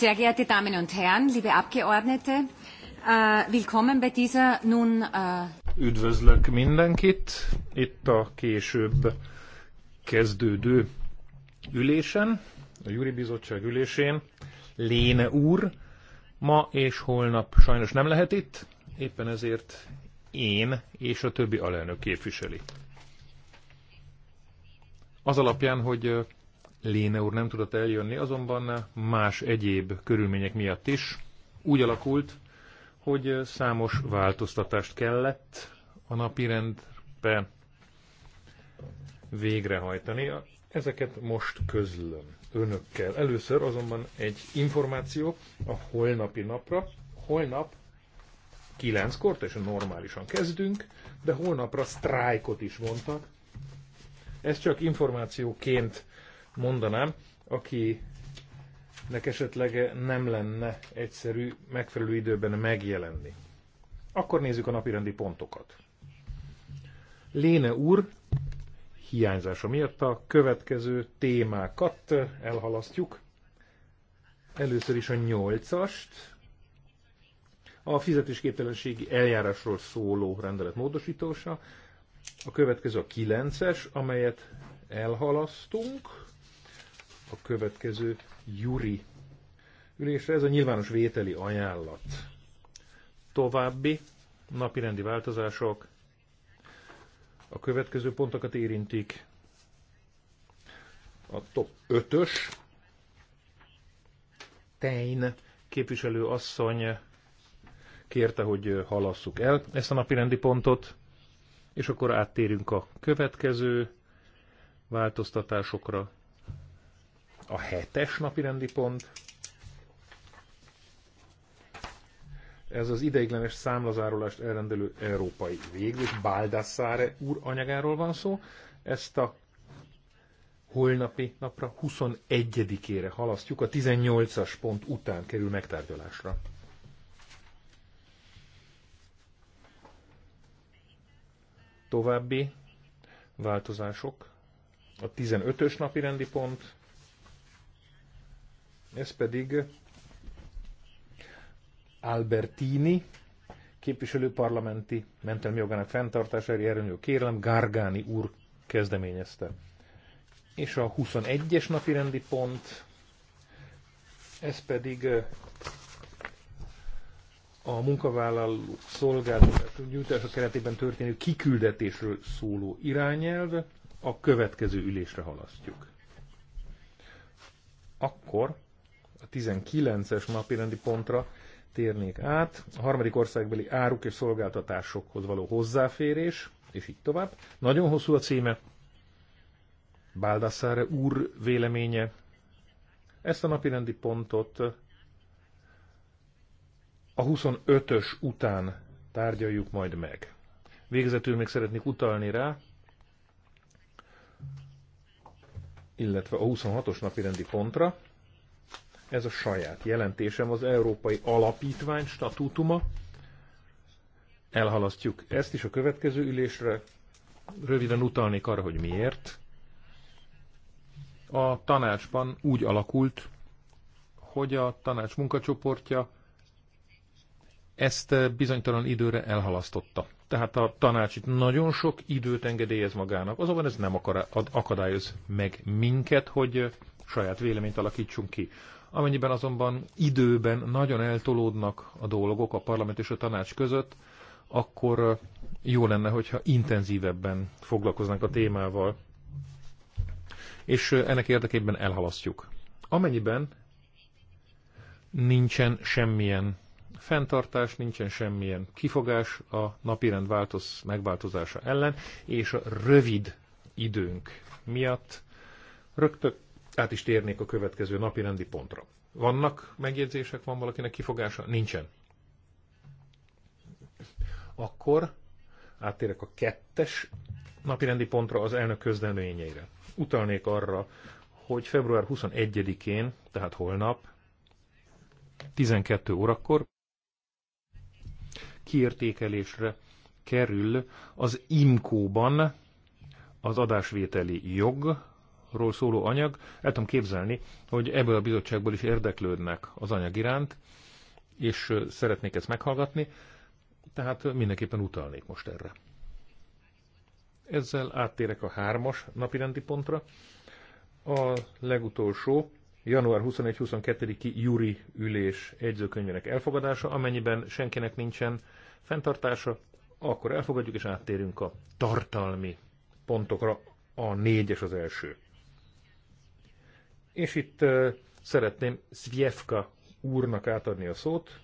Sehr geehrte Damen und Herren, liebe Abgeordnete, äh, willkommen bei dieser nun... Äh, Üdvözlök mindenkit itt a később kezdődő ülésen, a Júri Bizottság ülésén. Léne úr ma és holnap sajnos nem lehet itt, éppen ezért én és a többi alelnök képviseli. Az alapján, hogy Léne úr nem tudott eljönni, azonban más egyéb körülmények miatt is úgy alakult, hogy számos változtatást kellett a napirendbe végrehajtani. Ezeket most közlöm önökkel. Először azonban egy információ a holnapi napra. Holnap kilenckor és normálisan kezdünk, de holnapra sztrájkot is vontak. Ez csak információként mondanám, aki esetleg nem lenne egyszerű megfelelő időben megjelenni. Akkor nézzük a napirendi pontokat. Léne úr hiányzása miatt a következő témákat elhalasztjuk. Először is a nyolcast, a fizetésképtelenségi eljárásról szóló rendelet módosítása, a következő a kilences, amelyet elhalasztunk a következő Juri ülésre. Ez a nyilvános vételi ajánlat. További napirendi változások a következő pontokat érintik. A top 5-ös Tein képviselő asszony kérte, hogy halasszuk el ezt a napirendi pontot, és akkor áttérünk a következő változtatásokra a hetes napi rendi pont. Ez az ideiglenes számlazárolást elrendelő európai végzés, Baldassare úr anyagáról van szó. Ezt a holnapi napra 21-ére halasztjuk, a 18-as pont után kerül megtárgyalásra. További változások. A 15-ös napi rendi pont, ez pedig Albertini, képviselő parlamenti mentelmi jogának fenntartására erőnyő kérelem Gargáni úr kezdeményezte. És a 21-es napi rendi pont, ez pedig eh, a munkavállaló szolgáltatás gyűjtása keretében történő kiküldetésről szóló irányelv a következő ülésre halasztjuk. Akkor 19-es napirendi pontra térnék át. A harmadik országbeli áruk és szolgáltatásokhoz való hozzáférés, és így tovább. Nagyon hosszú a címe. Baldassare úr véleménye. Ezt a napirendi pontot a 25-ös után tárgyaljuk majd meg. Végezetül még szeretnék utalni rá, illetve a 26-os napi rendi pontra, ez a saját jelentésem, az Európai Alapítvány statútuma. Elhalasztjuk ezt is a következő ülésre. Röviden utalnék arra, hogy miért. A tanácsban úgy alakult, hogy a tanács munkacsoportja ezt bizonytalan időre elhalasztotta. Tehát a tanács itt nagyon sok időt engedélyez magának, azonban ez nem akadályoz meg minket, hogy saját véleményt alakítsunk ki. Amennyiben azonban időben nagyon eltolódnak a dolgok a parlament és a tanács között, akkor jó lenne, hogyha intenzívebben foglalkoznak a témával, és ennek érdekében elhalasztjuk. Amennyiben nincsen semmilyen fenntartás, nincsen semmilyen kifogás a napirend változ, megváltozása ellen, és a rövid időnk miatt rögtön át is térnék a következő napi rendi pontra. Vannak megjegyzések, van valakinek kifogása? Nincsen. Akkor áttérek a kettes napirendi pontra az elnök közleményeire. Utalnék arra, hogy február 21-én, tehát holnap, 12 órakor kiértékelésre kerül az IMKO-ban az adásvételi jog, ról szóló anyag, el tudom képzelni, hogy ebből a bizottságból is érdeklődnek az anyag iránt, és szeretnék ezt meghallgatni, tehát mindenképpen utalnék most erre. Ezzel áttérek a hármas napirendi pontra. A legutolsó, január 21-22-i júri ülés egyzőkönyvének elfogadása, amennyiben senkinek nincsen fenntartása, akkor elfogadjuk és áttérünk a tartalmi pontokra. A négyes az első. És itt szeretném Szvjevka úrnak átadni a szót,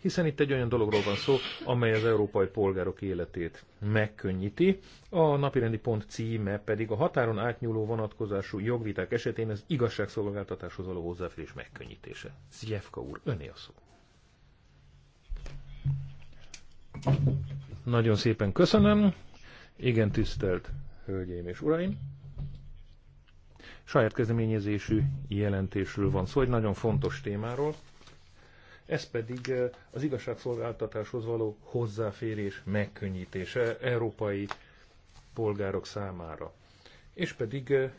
hiszen itt egy olyan dologról van szó, amely az európai polgárok életét megkönnyíti. A napirendi pont címe pedig a határon átnyúló vonatkozású jogviták esetén az igazságszolgáltatáshoz való hozzáférés megkönnyítése. Szijevka úr, öné a szó. Nagyon szépen köszönöm. Igen, tisztelt Hölgyeim és Uraim! saját kezdeményezésű jelentésről van szó, egy nagyon fontos témáról, ez pedig eh, az igazságszolgáltatáshoz való hozzáférés megkönnyítése európai polgárok számára. És pedig eh,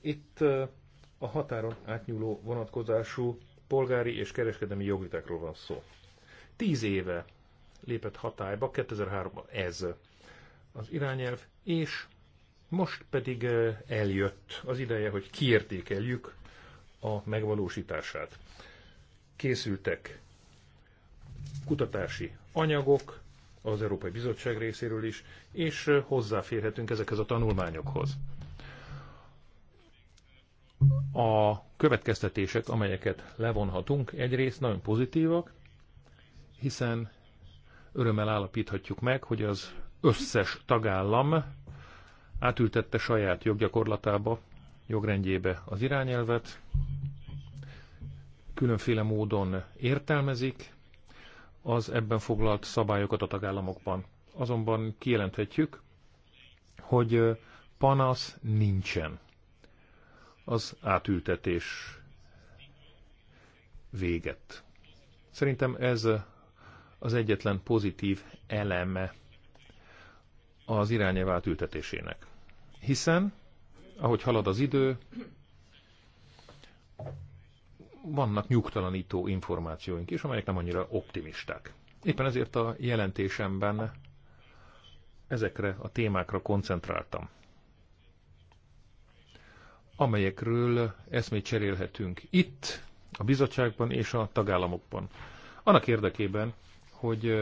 itt eh, a határon átnyúló vonatkozású polgári és kereskedelmi jogvitákról van szó. Tíz éve lépett hatályba, 2003-ban ez az irányelv, és most pedig eljött az ideje, hogy kiértékeljük a megvalósítását. Készültek kutatási anyagok az Európai Bizottság részéről is, és hozzáférhetünk ezekhez a tanulmányokhoz. A következtetések, amelyeket levonhatunk, egyrészt nagyon pozitívak, hiszen örömmel állapíthatjuk meg, hogy az összes tagállam átültette saját joggyakorlatába, jogrendjébe az irányelvet, különféle módon értelmezik az ebben foglalt szabályokat a tagállamokban. Azonban kijelenthetjük, hogy panasz nincsen az átültetés véget. Szerintem ez az egyetlen pozitív eleme az irányelv átültetésének. Hiszen, ahogy halad az idő, vannak nyugtalanító információink is, amelyek nem annyira optimisták. Éppen ezért a jelentésemben ezekre a témákra koncentráltam, amelyekről eszmét cserélhetünk itt, a bizottságban és a tagállamokban. Annak érdekében, hogy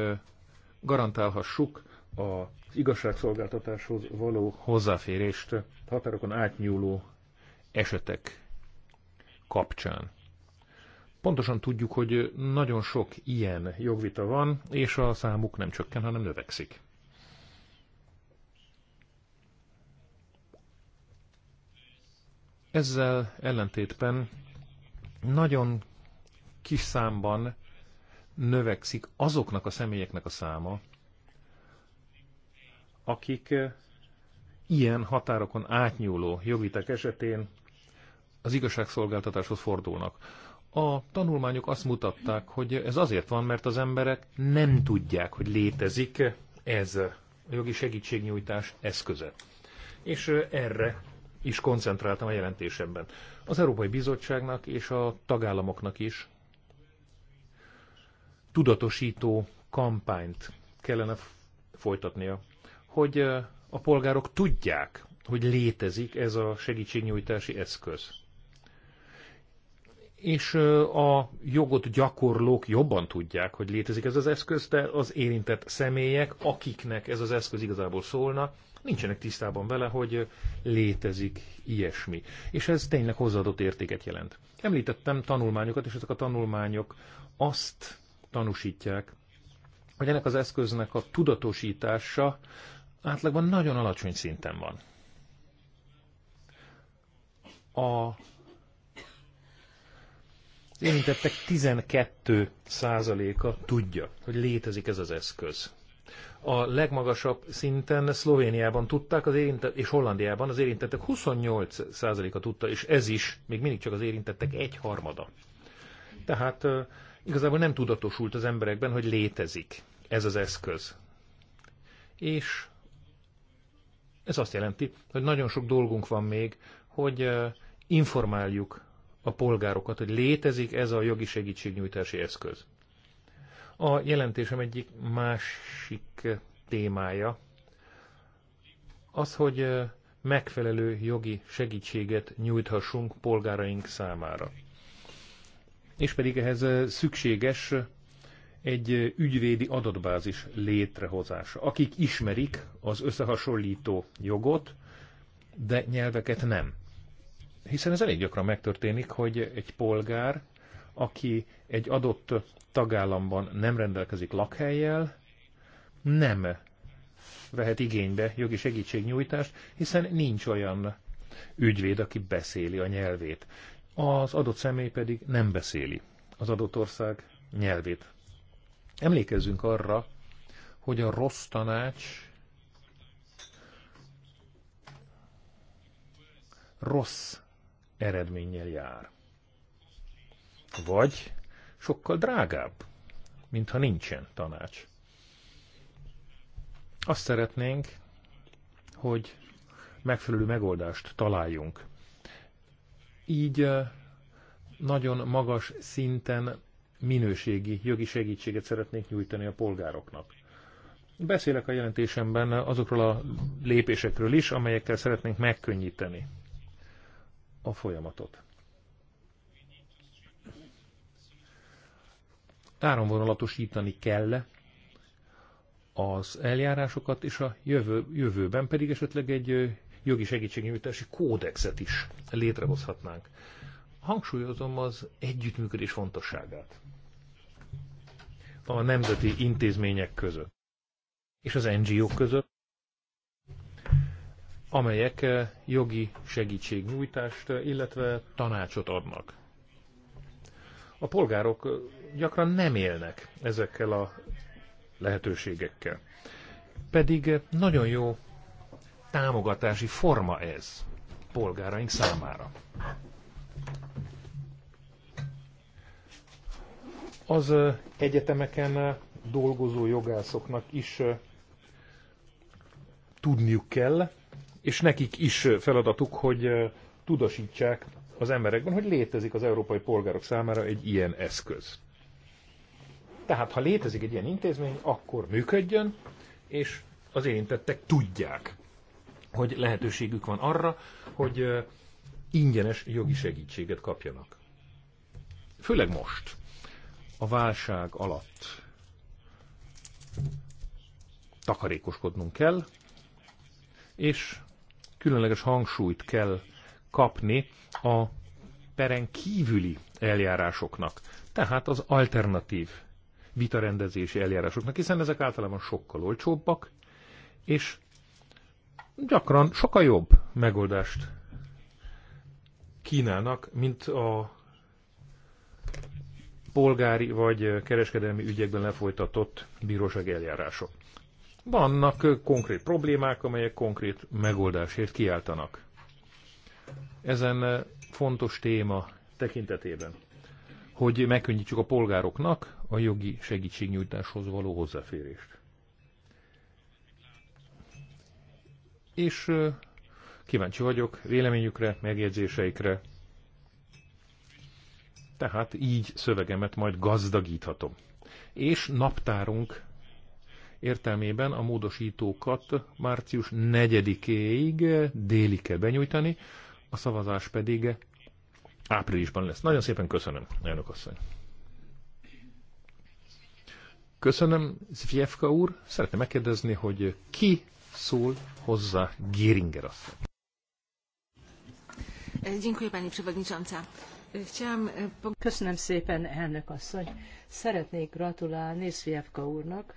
garantálhassuk a igazságszolgáltatáshoz való hozzáférést határokon átnyúló esetek kapcsán. Pontosan tudjuk, hogy nagyon sok ilyen jogvita van, és a számuk nem csökken, hanem növekszik. Ezzel ellentétben nagyon kis számban növekszik azoknak a személyeknek a száma, akik ilyen határokon átnyúló jogitek esetén az igazságszolgáltatáshoz fordulnak. A tanulmányok azt mutatták, hogy ez azért van, mert az emberek nem tudják, hogy létezik ez a jogi segítségnyújtás eszköze. És erre is koncentráltam a jelentésemben. Az Európai Bizottságnak és a tagállamoknak is tudatosító kampányt kellene folytatnia hogy a polgárok tudják, hogy létezik ez a segítségnyújtási eszköz. És a jogot gyakorlók jobban tudják, hogy létezik ez az eszköz, de az érintett személyek, akiknek ez az eszköz igazából szólna, nincsenek tisztában vele, hogy létezik ilyesmi. És ez tényleg hozzáadott értéket jelent. Említettem tanulmányokat, és ezek a tanulmányok azt tanúsítják, hogy ennek az eszköznek a tudatosítása átlagban nagyon alacsony szinten van. A érintettek 12 százaléka tudja, hogy létezik ez az eszköz. A legmagasabb szinten Szlovéniában tudták, az érintett, és Hollandiában az érintettek 28 százaléka tudta, és ez is még mindig csak az érintettek egyharmada. Tehát igazából nem tudatosult az emberekben, hogy létezik ez az eszköz. És ez azt jelenti, hogy nagyon sok dolgunk van még, hogy informáljuk a polgárokat, hogy létezik ez a jogi segítségnyújtási eszköz. A jelentésem egyik másik témája az, hogy megfelelő jogi segítséget nyújthassunk polgáraink számára. És pedig ehhez szükséges egy ügyvédi adatbázis létrehozása, akik ismerik az összehasonlító jogot, de nyelveket nem. Hiszen ez elég gyakran megtörténik, hogy egy polgár, aki egy adott tagállamban nem rendelkezik lakhelyjel, nem vehet igénybe jogi segítségnyújtást, hiszen nincs olyan ügyvéd, aki beszéli a nyelvét. Az adott személy pedig nem beszéli az adott ország nyelvét. Emlékezzünk arra, hogy a rossz tanács rossz eredménnyel jár. Vagy sokkal drágább, mintha nincsen tanács. Azt szeretnénk, hogy megfelelő megoldást találjunk. Így nagyon magas szinten minőségi jogi segítséget szeretnék nyújtani a polgároknak. Beszélek a jelentésemben azokról a lépésekről is, amelyekkel szeretnénk megkönnyíteni a folyamatot. áramvonalatosítani kell az eljárásokat, és a jövő, jövőben pedig esetleg egy jogi segítségnyújtási kódexet is létrehozhatnánk. Hangsúlyozom az együttműködés fontosságát a nemzeti intézmények között és az NGO-k között, amelyek eh, jogi segítségnyújtást, eh, illetve tanácsot adnak. A polgárok eh, gyakran nem élnek ezekkel a lehetőségekkel. Pedig nagyon jó támogatási forma ez polgáraink számára. az egyetemeken dolgozó jogászoknak is tudniuk kell, és nekik is feladatuk, hogy tudosítsák az emberekben, hogy létezik az európai polgárok számára egy ilyen eszköz. Tehát, ha létezik egy ilyen intézmény, akkor működjön, és az érintettek tudják, hogy lehetőségük van arra, hogy ingyenes jogi segítséget kapjanak. Főleg most, a válság alatt takarékoskodnunk kell, és különleges hangsúlyt kell kapni a peren kívüli eljárásoknak, tehát az alternatív vitarendezési eljárásoknak, hiszen ezek általában sokkal olcsóbbak, és gyakran sokkal jobb megoldást kínálnak, mint a polgári vagy kereskedelmi ügyekben lefolytatott bíróság eljárások. Vannak konkrét problémák, amelyek konkrét megoldásért kiáltanak. Ezen fontos téma tekintetében, hogy megkönnyítsük a polgároknak a jogi segítségnyújtáshoz való hozzáférést. És kíváncsi vagyok véleményükre, megjegyzéseikre, tehát így szövegemet majd gazdagíthatom. És naptárunk értelmében a módosítókat március 4-éig déli kell benyújtani, a szavazás pedig áprilisban lesz. Nagyon szépen köszönöm, elnök asszony. Köszönöm, Zvjevka úr. Szeretném megkérdezni, hogy ki szól hozzá Géringer asszony. Dziękuję Pani Przewodnicząca. E, Köszönöm szépen, elnök asszony. Szeretnék gratulálni Szvjevka úrnak,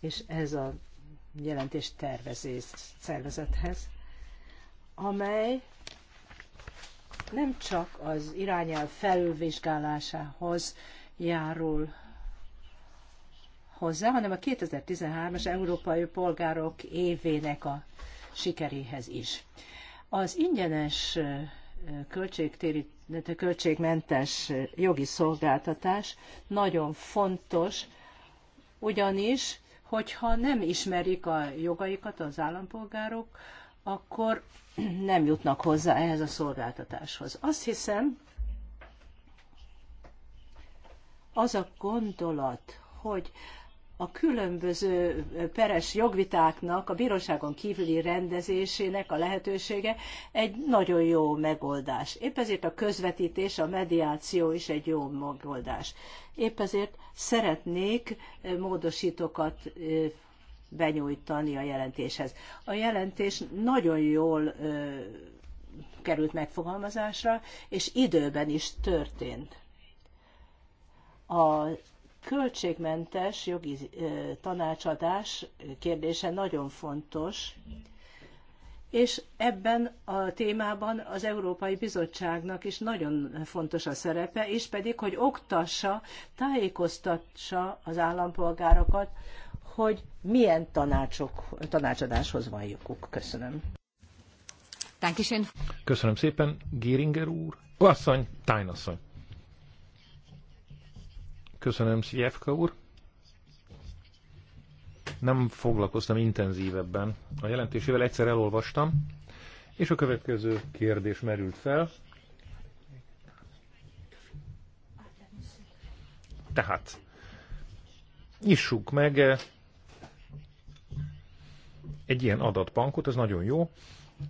és ez a jelentés tervezés szervezethez, amely nem csak az irányelv felülvizsgálásához járul hozzá, hanem a 2013-as Európai Polgárok évének a sikeréhez is. Az ingyenes költségmentes jogi szolgáltatás nagyon fontos, ugyanis, hogyha nem ismerik a jogaikat az állampolgárok, akkor nem jutnak hozzá ehhez a szolgáltatáshoz. Azt hiszem, az a gondolat, hogy a különböző peres jogvitáknak, a bíróságon kívüli rendezésének a lehetősége egy nagyon jó megoldás. Épp ezért a közvetítés, a mediáció is egy jó megoldás. Épp ezért szeretnék módosítókat benyújtani a jelentéshez. A jelentés nagyon jól ö, került megfogalmazásra, és időben is történt. A költségmentes jogi tanácsadás kérdése nagyon fontos, és ebben a témában az Európai Bizottságnak is nagyon fontos a szerepe, és pedig, hogy oktassa, tájékoztassa az állampolgárokat, hogy milyen tanácsok, tanácsadáshoz van joguk. Köszönöm. Köszönöm szépen, Géringer úr. Asszony, tájnasszony. Köszönöm, Szijevka úr. Nem foglalkoztam intenzívebben a jelentésével, egyszer elolvastam, és a következő kérdés merült fel. Tehát, nyissuk meg eh, egy ilyen adatbankot, ez nagyon jó,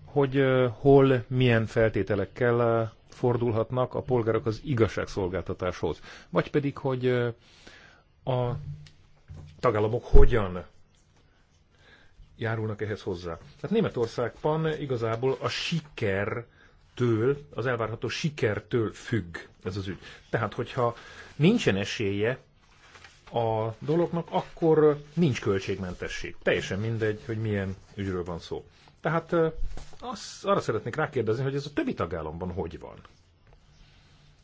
hogy eh, hol, milyen feltételekkel eh, fordulhatnak a polgárok az igazságszolgáltatáshoz, vagy pedig, hogy a tagállamok hogyan járulnak ehhez hozzá. Tehát Németországban igazából a siker től, az elvárható sikertől függ ez az ügy. Tehát, hogyha nincsen esélye a dolognak, akkor nincs költségmentesség. Teljesen mindegy, hogy milyen ügyről van szó. Tehát az, arra szeretnék rákérdezni, hogy ez a többi tagállamban hogy van?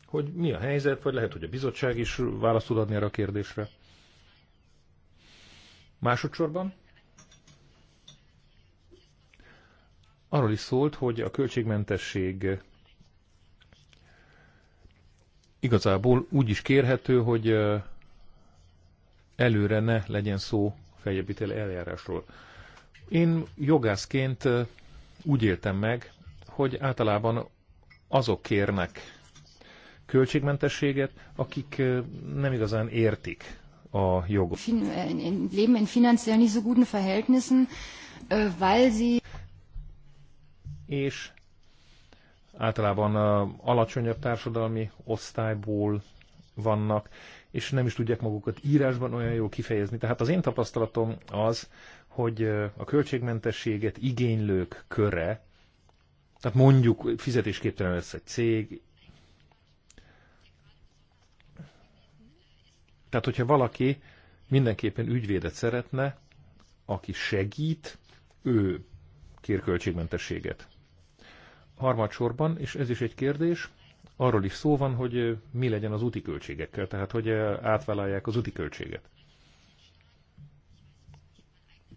Hogy mi a helyzet, vagy lehet, hogy a bizottság is választ tud adni erre a kérdésre. Másodszorban arról is szólt, hogy a költségmentesség igazából úgy is kérhető, hogy előre ne legyen szó feljebbítél eljárásról. Én jogászként úgy éltem meg, hogy általában azok kérnek költségmentességet, akik nem igazán értik a jogot. Äh, leben in finanziell nicht so guten Verhältnissen, äh, weil sie és általában alacsonyabb társadalmi osztályból vannak, és nem is tudják magukat írásban olyan jól kifejezni. Tehát az én tapasztalatom az, hogy a költségmentességet igénylők köre, tehát mondjuk fizetésképtelen lesz egy cég, tehát hogyha valaki mindenképpen ügyvédet szeretne, aki segít, ő kér költségmentességet. Harmadsorban, és ez is egy kérdés, arról is szó van, hogy mi legyen az úti költségekkel, tehát hogy átvállalják az úti költséget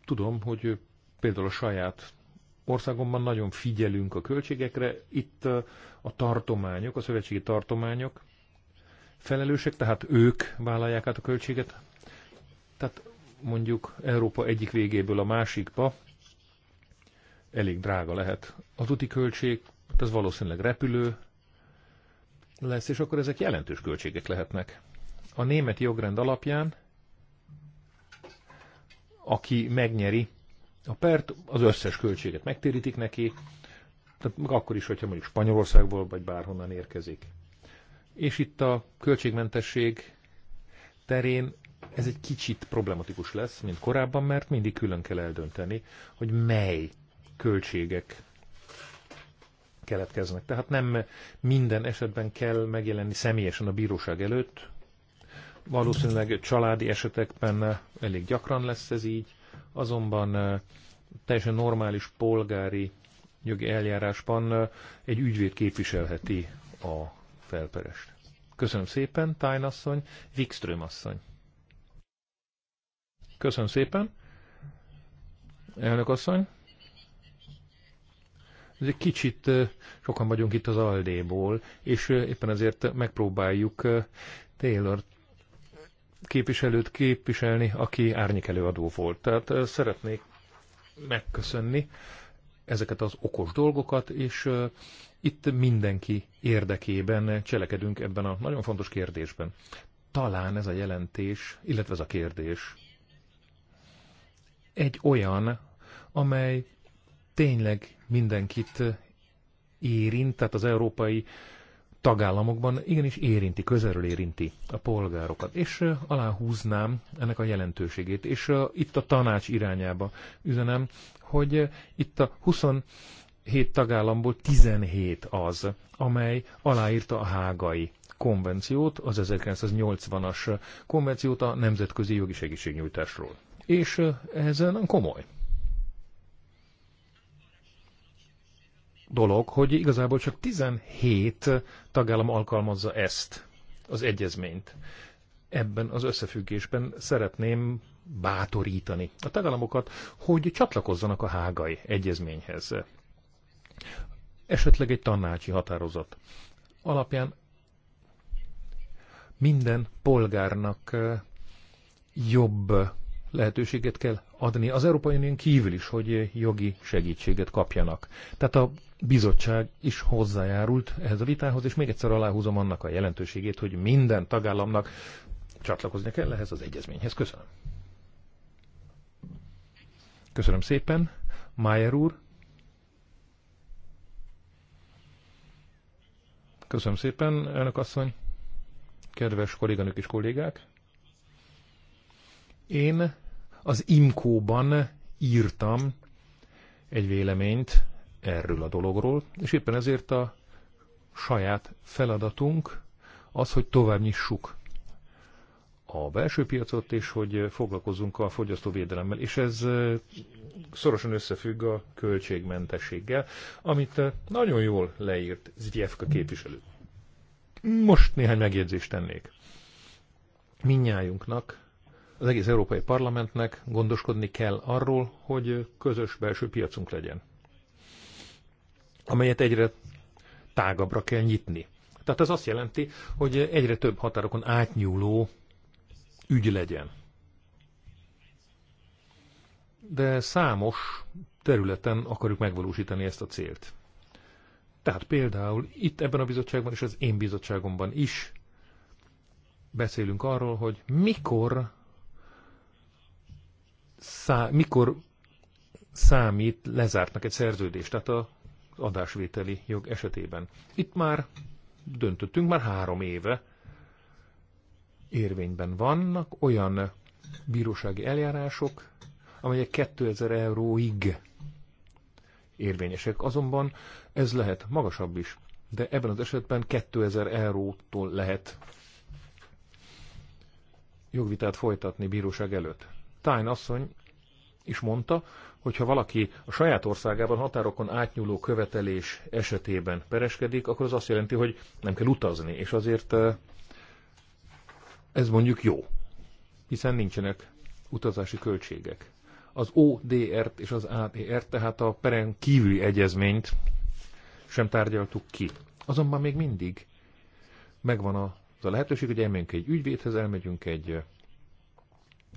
tudom, hogy például a saját országomban nagyon figyelünk a költségekre. Itt a tartományok, a szövetségi tartományok felelősek, tehát ők vállalják át a költséget. Tehát mondjuk Európa egyik végéből a másikba elég drága lehet. Az úti költség, hát ez valószínűleg repülő lesz, és akkor ezek jelentős költségek lehetnek. A német jogrend alapján aki megnyeri a pert, az összes költséget megtérítik neki, tehát meg akkor is, hogyha mondjuk Spanyolországból vagy bárhonnan érkezik. És itt a költségmentesség terén ez egy kicsit problematikus lesz, mint korábban, mert mindig külön kell eldönteni, hogy mely költségek keletkeznek. Tehát nem minden esetben kell megjelenni személyesen a bíróság előtt, Valószínűleg családi esetekben eh, elég gyakran lesz ez így, azonban eh, teljesen normális polgári jogi eljárásban eh, egy ügyvéd képviselheti a felperest. Köszönöm szépen, Tájn asszony, Wikström asszony. Köszönöm szépen, elnök asszony. Ez egy kicsit sokan vagyunk itt az Aldéból, és éppen ezért megpróbáljuk Taylor képviselőt képviselni, aki előadó volt. Tehát szeretnék megköszönni ezeket az okos dolgokat, és itt mindenki érdekében cselekedünk ebben a nagyon fontos kérdésben. Talán ez a jelentés, illetve ez a kérdés egy olyan, amely tényleg mindenkit érint, tehát az európai uh, tagállamokban igenis érinti, közelről érinti a polgárokat. És aláhúznám ennek a jelentőségét. És itt a tanács irányába üzenem, hogy itt a 27 tagállamból 17 az, amely aláírta a hágai konvenciót, az 1980-as konvenciót a nemzetközi jogi segítségnyújtásról. És ez nem komoly. dolog, hogy igazából csak 17 tagállam alkalmazza ezt az egyezményt. Ebben az összefüggésben szeretném bátorítani a tagállamokat, hogy csatlakozzanak a hágai egyezményhez. Esetleg egy tanácsi határozat alapján minden polgárnak eh, jobb lehetőséget kell adni az Európai Unión kívül is, hogy eh, jogi segítséget kapjanak. Tehát a bizottság is hozzájárult ehhez a vitához, és még egyszer aláhúzom annak a jelentőségét, hogy minden tagállamnak csatlakozni kell ehhez az egyezményhez. Köszönöm. Köszönöm szépen. Májer úr. Köszönöm szépen, elnök asszony. Kedves kolléganők és kollégák. Én az IMKO-ban írtam egy véleményt erről a dologról, és éppen ezért a saját feladatunk az, hogy tovább nyissuk a belső piacot, és hogy foglalkozunk a fogyasztóvédelemmel. És ez szorosan összefügg a költségmentességgel, amit nagyon jól leírt Zdjevka képviselő. Most néhány megjegyzést tennék. Minnyájunknak, az egész Európai Parlamentnek gondoskodni kell arról, hogy közös belső piacunk legyen amelyet egyre tágabbra kell nyitni. Tehát ez azt jelenti, hogy egyre több határokon átnyúló ügy legyen. De számos területen akarjuk megvalósítani ezt a célt. Tehát például itt ebben a bizottságban és az én bizottságomban is beszélünk arról, hogy mikor, szá, mikor számít lezártnak egy szerződést. Tehát a adásvételi jog esetében. Itt már döntöttünk, már három éve érvényben vannak olyan bírósági eljárások, amelyek 2000 euróig érvényesek. Azonban ez lehet magasabb is, de ebben az esetben 2000 eurótól lehet jogvitát folytatni bíróság előtt. Tájn asszony és mondta, hogy ha valaki a saját országában határokon átnyúló követelés esetében pereskedik, akkor az azt jelenti, hogy nem kell utazni, és azért ez mondjuk jó, hiszen nincsenek utazási költségek. Az ODR-t és az ADR-t, tehát a peren kívüli egyezményt sem tárgyaltuk ki. Azonban még mindig megvan a az a lehetőség, hogy elmegyünk egy ügyvédhez, elmegyünk egy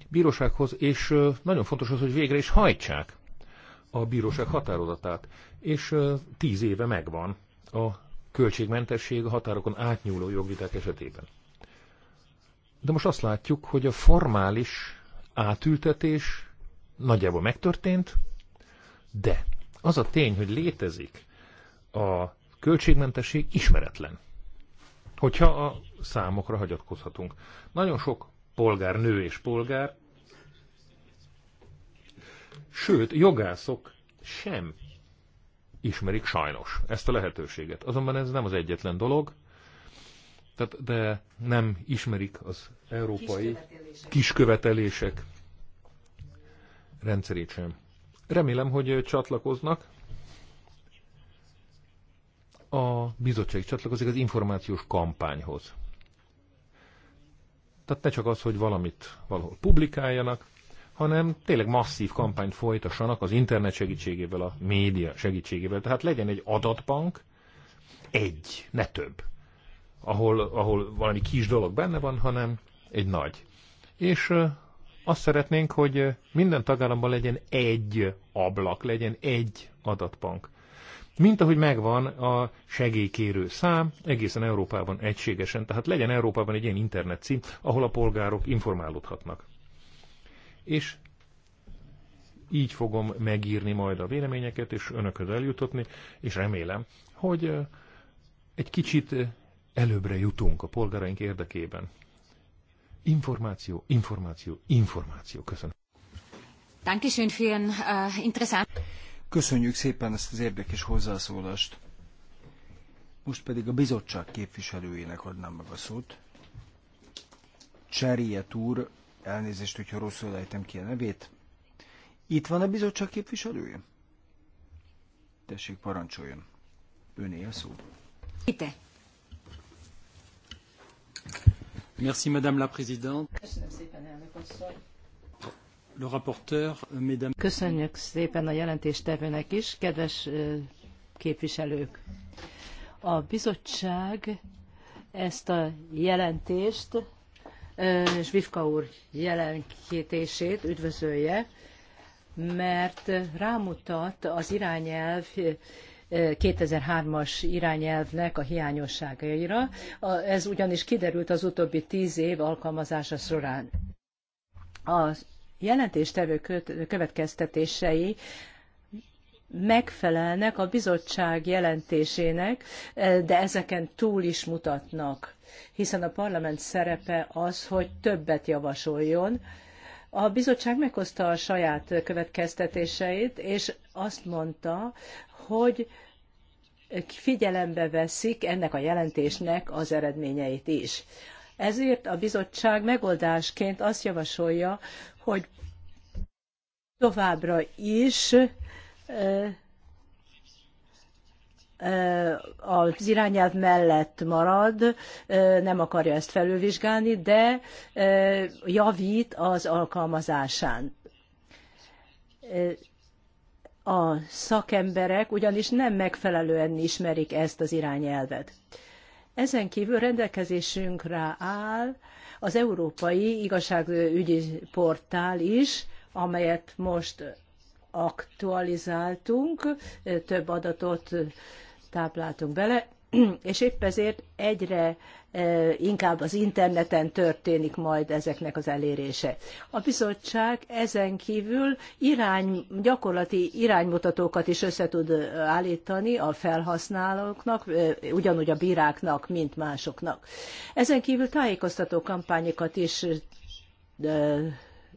bírósághoz, és nagyon fontos az, hogy végre is hajtsák a bíróság határozatát. És tíz éve megvan a költségmentesség a határokon átnyúló jogviták esetében. De most azt látjuk, hogy a formális átültetés nagyjából megtörtént, de az a tény, hogy létezik a költségmentesség ismeretlen, hogyha a számokra hagyatkozhatunk. Nagyon sok Polgár nő és polgár, sőt, jogászok sem ismerik sajnos ezt a lehetőséget. Azonban ez nem az egyetlen dolog, tehát, de nem ismerik az európai kiskövetelések, kiskövetelések rendszerét sem. Remélem, hogy csatlakoznak. A bizottság csatlakozik az információs kampányhoz. Tehát ne csak az, hogy valamit valahol publikáljanak, hanem tényleg masszív kampányt folytassanak az internet segítségével, a média segítségével. Tehát legyen egy adatbank, egy, ne több, ahol, ahol valami kis dolog benne van, hanem egy nagy. És azt szeretnénk, hogy minden tagállamban legyen egy ablak, legyen egy adatbank mint ahogy megvan a segélykérő szám egészen Európában egységesen, tehát legyen Európában egy ilyen internetcím, ahol a polgárok informálódhatnak. És így fogom megírni majd a véleményeket, és önökhöz eljutatni, és remélem, hogy egy kicsit előbbre jutunk a polgáraink érdekében. Információ, információ, információ. Köszönöm. Dankeschön für ein, äh, interessant. Köszönjük szépen ezt az érdekes hozzászólást. Most pedig a bizottság képviselőjének adnám meg a szót. Cseriet úr, elnézést, hogyha rosszul lejtem ki a nevét. Itt van a bizottság képviselője? Tessék, parancsoljon. Öné a szó. Itt. Merci, Madame la Présidente. Köszönöm szépen, elnök asszony. Euh, Köszönjük szépen a jelentéstevőnek is, kedves képviselők. A bizottság ezt a jelentést, Svifka úr jelenkétését üdvözölje, mert rámutat az irányelv 2003-as irányelvnek a hiányosságaira. Ez ugyanis kiderült az utóbbi tíz év alkalmazása során. Az jelentéstevő következtetései megfelelnek a bizottság jelentésének, eh, de ezeken túl is mutatnak, hiszen a parlament szerepe az, hogy többet javasoljon. A bizottság meghozta a saját következtetéseit, és azt mondta, hogy figyelembe veszik ennek a jelentésnek az eredményeit is. Ezért a bizottság megoldásként azt javasolja, hogy továbbra is az irányelv mellett marad, nem akarja ezt felülvizsgálni, de javít az alkalmazásán. A szakemberek ugyanis nem megfelelően ismerik ezt az irányelvet. Ezen kívül rendelkezésünkre áll az Európai Igazságügyi Portál is, amelyet most aktualizáltunk, több adatot tápláltunk bele, és épp ezért egyre e, inkább az interneten történik majd ezeknek az elérése. A bizottság ezen kívül irány, gyakorlati iránymutatókat is össze tud e, állítani a felhasználóknak, e, ugyanúgy a bíráknak, mint másoknak. Ezen kívül tájékoztató kampányokat is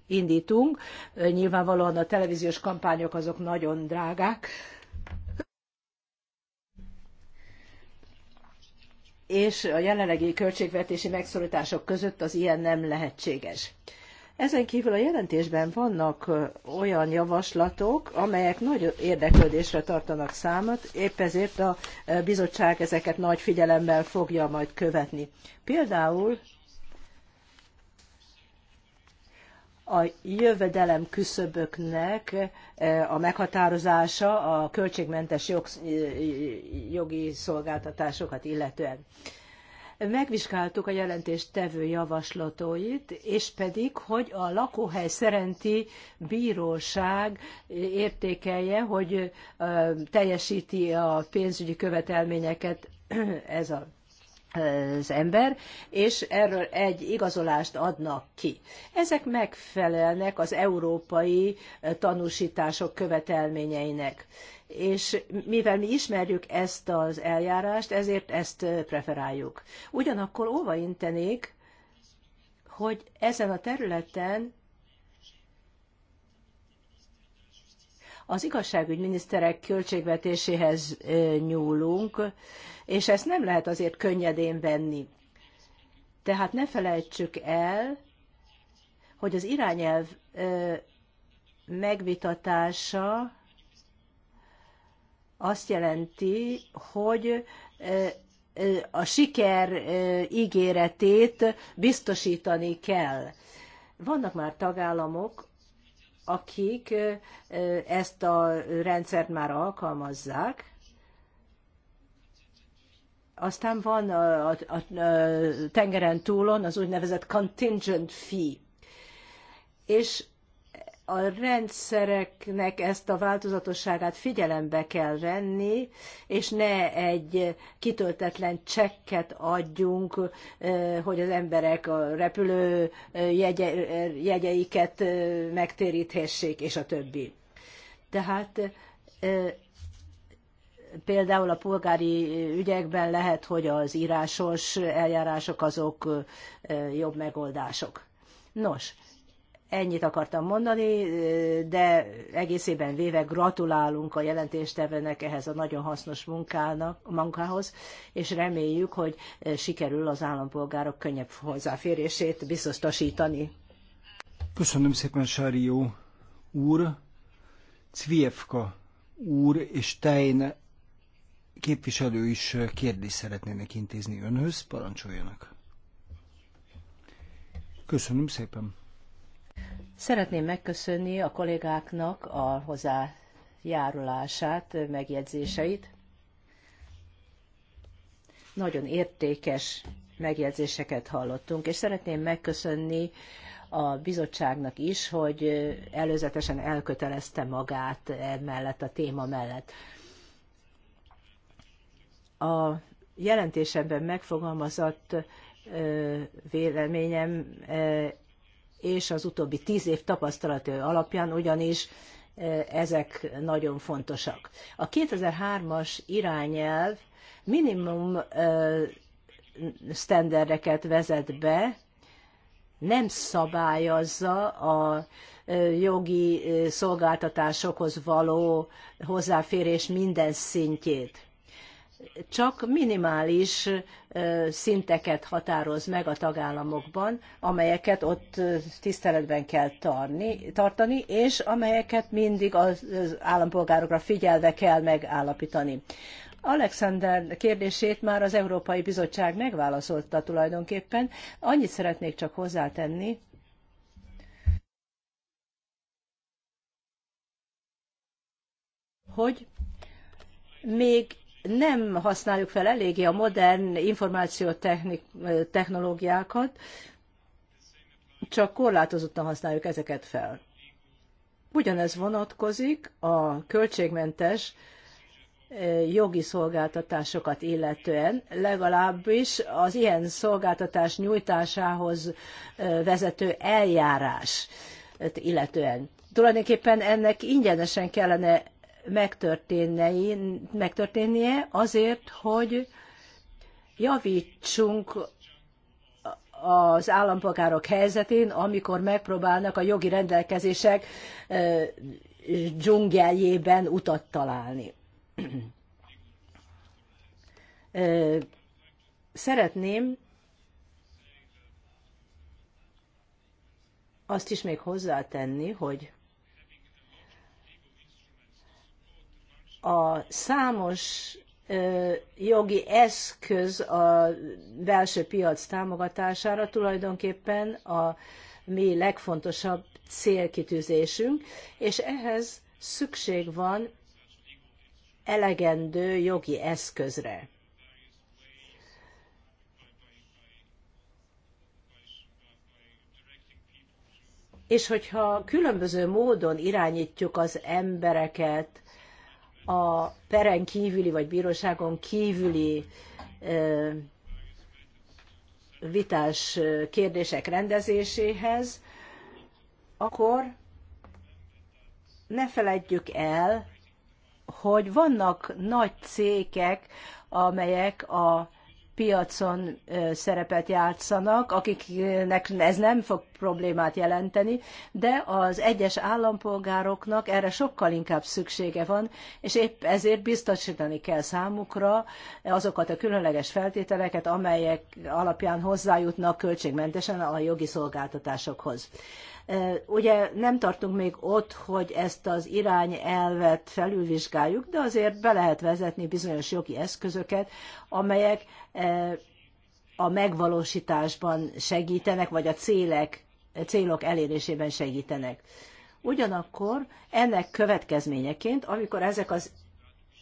indítunk. Nyilvánvalóan a televíziós kampányok azok nagyon drágák, és a jelenlegi költségvetési megszorítások között az ilyen nem lehetséges. Ezen kívül a jelentésben vannak olyan javaslatok, amelyek nagy érdeklődésre tartanak számot, épp ezért a bizottság ezeket nagy figyelemmel fogja majd követni. Például a jövedelem küszöböknek e, a meghatározása a költségmentes e, jogi szolgáltatásokat illetően. Megvizsgáltuk a jelentéstevő javaslatóit, és pedig, hogy a lakóhely szerinti bíróság értékelje, hogy e, teljesíti a pénzügyi követelményeket ez a az ember, és erről egy igazolást adnak ki. Ezek megfelelnek az európai tanúsítások követelményeinek. És mivel mi ismerjük ezt az eljárást, ezért ezt preferáljuk. Ugyanakkor óva intenék, hogy ezen a területen az igazságügyminiszterek költségvetéséhez nyúlunk, és ezt nem lehet azért könnyedén venni. Tehát ne felejtsük el, hogy az irányelv megvitatása azt jelenti, hogy a siker ígéretét biztosítani kell. Vannak már tagállamok, akik ezt a rendszert már alkalmazzák, aztán van a, a, a tengeren túlon az úgynevezett contingent fee. És a rendszereknek ezt a változatosságát figyelembe kell venni, és ne egy kitöltetlen csekket adjunk, hogy az emberek a repülő jegye, jegyeiket megtéríthessék, és a többi. Tehát például a polgári ügyekben lehet, hogy az írásos eljárások azok jobb megoldások. Nos, ennyit akartam mondani, de egészében véve gratulálunk a jelentéstevőnek ehhez a nagyon hasznos munkának, munkához, és reméljük, hogy sikerül az állampolgárok könnyebb hozzáférését biztosítani. Köszönöm szépen, Sárió úr, Cviefka úr és Tejne képviselő is kérdést szeretnének intézni önhöz, parancsoljanak. Köszönöm szépen. Szeretném megköszönni a kollégáknak a hozzájárulását, megjegyzéseit. Nagyon értékes megjegyzéseket hallottunk, és szeretném megköszönni a bizottságnak is, hogy előzetesen elkötelezte magát e mellett a téma mellett. A jelentésemben megfogalmazott véleményem és az utóbbi tíz év tapasztalata alapján ugyanis ezek nagyon fontosak. A 2003-as irányelv minimum sztenderdeket vezet be, nem szabályozza a jogi szolgáltatásokhoz való hozzáférés minden szintjét csak minimális szinteket határoz meg a tagállamokban, amelyeket ott tiszteletben kell tarni, tartani, és amelyeket mindig az állampolgárokra figyelve kell megállapítani. Alexander kérdését már az Európai Bizottság megválaszolta tulajdonképpen. Annyit szeretnék csak hozzátenni, hogy még nem használjuk fel eléggé a modern információtechnológiákat, csak korlátozottan használjuk ezeket fel. Ugyanez vonatkozik a költségmentes eh, jogi szolgáltatásokat illetően, legalábbis az ilyen szolgáltatás nyújtásához eh, vezető eljárás eh, illetően. Tulajdonképpen ennek ingyenesen kellene megtörténnie azért, hogy javítsunk az állampolgárok helyzetén, amikor megpróbálnak a jogi rendelkezések dzsungeljében utat találni. Szeretném azt is még hozzátenni, hogy a számos jogi eszköz a belső piac támogatására tulajdonképpen a mi legfontosabb célkitűzésünk, és ehhez szükség van elegendő jogi eszközre. És hogyha különböző módon irányítjuk az embereket, a peren kívüli vagy bíróságon kívüli vitás kérdések rendezéséhez, akkor ne feledjük el, hogy vannak nagy cégek, amelyek a piacon szerepet játszanak, akiknek ez nem fog problémát jelenteni, de az egyes állampolgároknak erre sokkal inkább szüksége van, és épp ezért biztosítani kell számukra azokat a különleges feltételeket, amelyek alapján hozzájutnak költségmentesen a jogi szolgáltatásokhoz. Ugye nem tartunk még ott, hogy ezt az irányelvet felülvizsgáljuk, de azért be lehet vezetni bizonyos jogi eszközöket, amelyek a megvalósításban segítenek, vagy a célek, célok elérésében segítenek. Ugyanakkor ennek következményeként, amikor ezek az,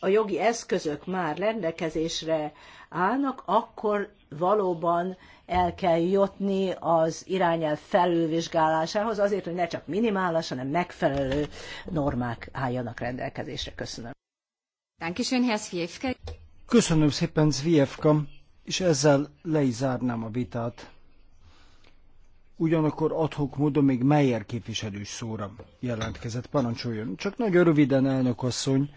a jogi eszközök már rendelkezésre állnak, akkor valóban el kell jutni az irányelv felülvizsgálásához, azért, hogy ne csak minimális, hanem megfelelő normák álljanak rendelkezésre. Köszönöm. Köszönöm szépen, Zvievka, és ezzel le is zárnám a vitát. Ugyanakkor adhok módon még Meyer képviselő szóra jelentkezett. Parancsoljon. Csak nagyon röviden, elnök asszony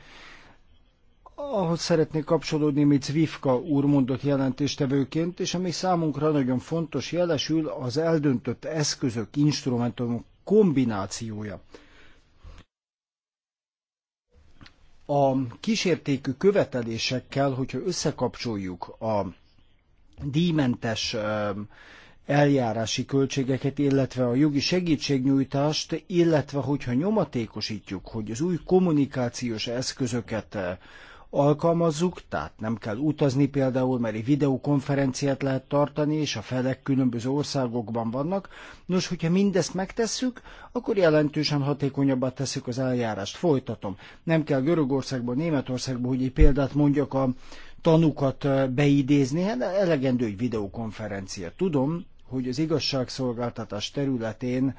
ahhoz szeretnék kapcsolódni, amit Zvivka úr mondott jelentéstevőként, és ami számunkra nagyon fontos, jelesül az eldöntött eszközök, instrumentumok kombinációja. A kísértékű követelésekkel, hogyha összekapcsoljuk a díjmentes eljárási költségeket, illetve a jogi segítségnyújtást, illetve hogyha nyomatékosítjuk, hogy az új kommunikációs eszközöket alkalmazzuk, tehát nem kell utazni például, mert egy videokonferenciát lehet tartani, és a felek különböző országokban vannak. Nos, hogyha mindezt megtesszük, akkor jelentősen hatékonyabbá tesszük az eljárást. Folytatom. Nem kell Görögországból, Németországból, hogy egy példát mondjak a tanukat beidézni, hát elegendő egy videokonferencia. Tudom, hogy az igazságszolgáltatás területén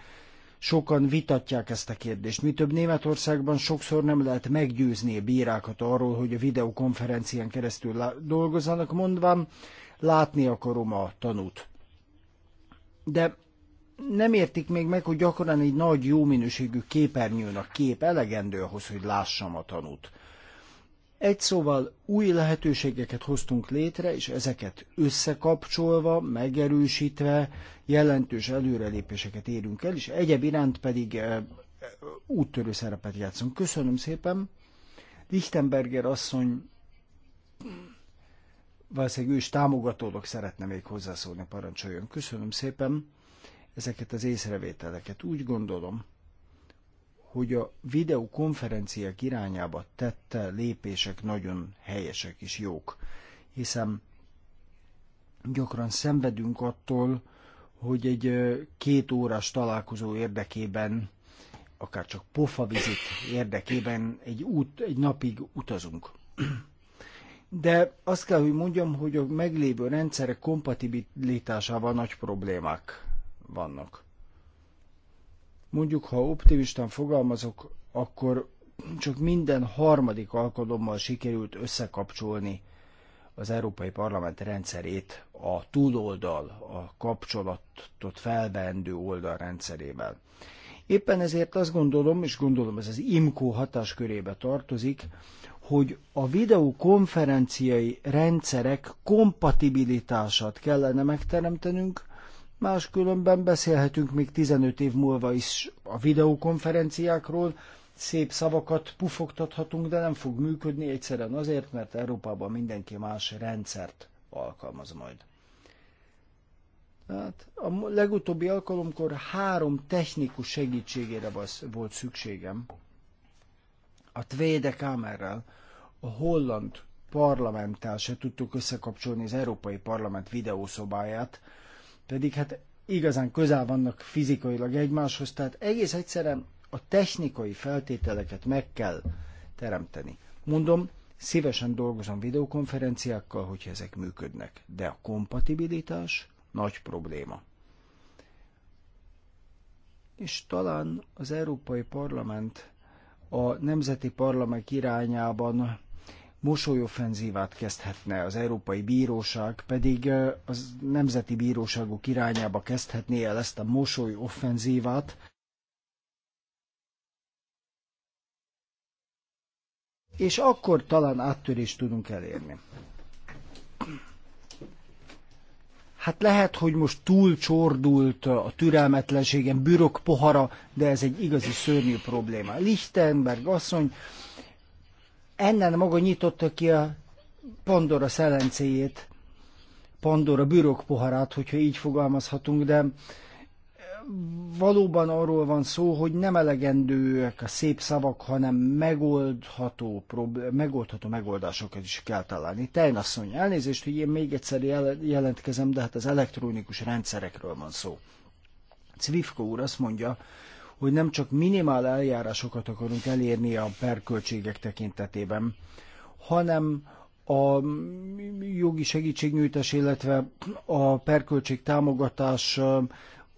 Sokan vitatják ezt a kérdést. Mi több Németországban sokszor nem lehet meggyőzni a bírákat arról, hogy a videokonferencián keresztül dolgozzanak, mondván látni akarom a tanút. De nem értik még meg, hogy gyakran egy nagy, jó minőségű képernyőn a kép elegendő ahhoz, hogy lássam a tanút. Egy szóval új lehetőségeket hoztunk létre, és ezeket összekapcsolva, megerősítve jelentős előrelépéseket érünk el, és egyéb iránt pedig eh, eh, úttörő szerepet játszunk. Köszönöm szépen. Lichtenberger asszony, valószínűleg ő is támogatólag szeretne még hozzászólni, parancsoljon. Köszönöm szépen ezeket az észrevételeket. Úgy gondolom, hogy a videokonferenciák irányába tette lépések nagyon helyesek és jók, hiszen gyakran szenvedünk attól, hogy egy két órás találkozó érdekében, akár csak pofavizit érdekében egy, út, egy napig utazunk. De azt kell, hogy mondjam, hogy a meglévő rendszerek kompatibilitásával nagy problémák vannak. Mondjuk, ha optimistán fogalmazok, akkor csak minden harmadik alkalommal sikerült összekapcsolni az Európai Parlament rendszerét a túloldal, a kapcsolatot felbeendő oldal rendszerével. Éppen ezért azt gondolom, és gondolom ez az IMCO hatáskörébe tartozik, hogy a videokonferenciai rendszerek kompatibilitását kellene megteremtenünk, Máskülönben beszélhetünk még 15 év múlva is a videokonferenciákról, szép szavakat pufogtathatunk, de nem fog működni egyszerűen azért, mert Európában mindenki más rendszert alkalmaz majd. Hát a legutóbbi alkalomkor három technikus segítségére volt szükségem. A Tvéde Kamerrel, a holland parlamenttel se tudtuk összekapcsolni az Európai Parlament videószobáját, pedig hát igazán közel vannak fizikailag egymáshoz, tehát egész egyszerűen a technikai feltételeket meg kell teremteni. Mondom, szívesen dolgozom videokonferenciákkal, hogyha ezek működnek, de a kompatibilitás nagy probléma. És talán az Európai Parlament a nemzeti parlament irányában mosolyoffenzívát kezdhetne, az Európai Bíróság pedig az nemzeti bíróságok irányába kezdhetné el ezt a mosolyoffenzívát, és akkor talán áttörést tudunk elérni. Hát lehet, hogy most túl csordult a türelmetlenségem, bürok pohara, de ez egy igazi szörnyű probléma. Lichtenberg asszony Ennen maga nyitotta ki a Pandora szelencéjét, Pandora bürok poharát, hogyha így fogalmazhatunk, de valóban arról van szó, hogy nem elegendőek a szép szavak, hanem megoldható, prób- megoldható megoldásokat is kell találni. Tejnasszony, elnézést, hogy én még egyszer jelentkezem, de hát az elektronikus rendszerekről van szó. Cvifko úr azt mondja, hogy nem csak minimál eljárásokat akarunk elérni a perköltségek tekintetében, hanem a jogi segítségnyújtás, illetve a perköltség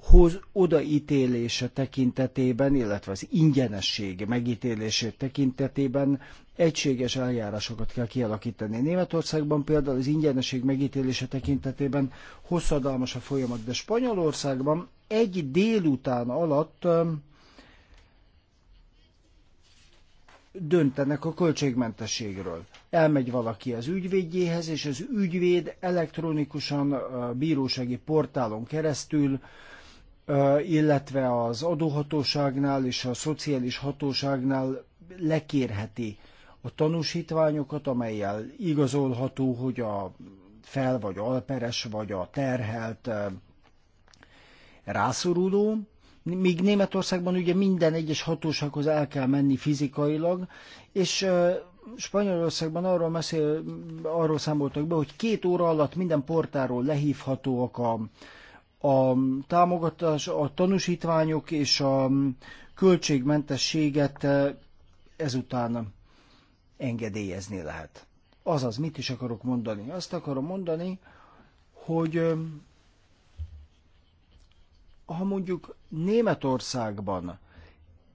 hoz, odaítélése tekintetében, illetve az ingyenesség megítélését tekintetében egységes eljárásokat kell kialakítani. Németországban például az ingyenesség megítélése tekintetében hosszadalmas a folyamat, de Spanyolországban egy délután alatt döntenek a költségmentességről. Elmegy valaki az ügyvédjéhez, és az ügyvéd elektronikusan a bírósági portálon keresztül, illetve az adóhatóságnál és a szociális hatóságnál lekérheti a tanúsítványokat, amelyel igazolható, hogy a fel vagy alperes vagy a terhelt rászoruló, Míg Németországban ugye minden egyes hatósághoz el kell menni fizikailag, és Spanyolországban arról, beszél, arról számoltak be, hogy két óra alatt minden portáról lehívhatóak a, a támogatás, a tanúsítványok és a költségmentességet ezután engedélyezni lehet. Azaz, mit is akarok mondani? Azt akarom mondani, hogy ha mondjuk Németországban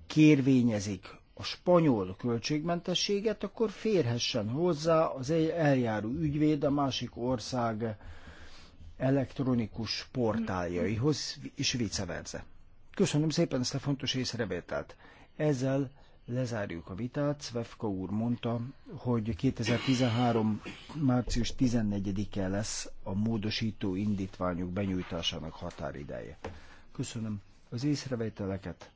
kérvényezik a spanyol költségmentességet, akkor férhessen hozzá az eljáró ügyvéd a másik ország elektronikus portáljaihoz, és vice versa. Köszönöm szépen ezt a fontos észrevételt. Ezzel lezárjuk a vitát. Svefka úr mondta, hogy 2013. március 14-e lesz a módosító indítványok benyújtásának határideje. Köszönöm az észrevételeket.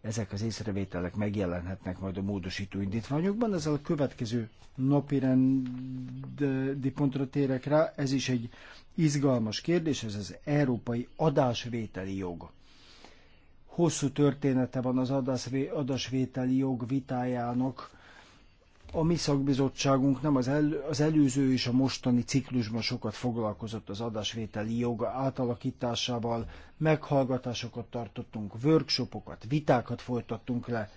Ezek az észrevételek megjelenhetnek majd a módosító indítványokban. Ezzel a következő napi rendi pontra térek rá. Ez is egy izgalmas kérdés, ez az európai adásvételi jog. Hosszú története van az adásvételi jog vitájának a mi szakbizottságunk nem az, el, az előző és a mostani ciklusban sokat foglalkozott az adásvételi joga átalakításával, meghallgatásokat tartottunk, workshopokat, vitákat folytattunk le.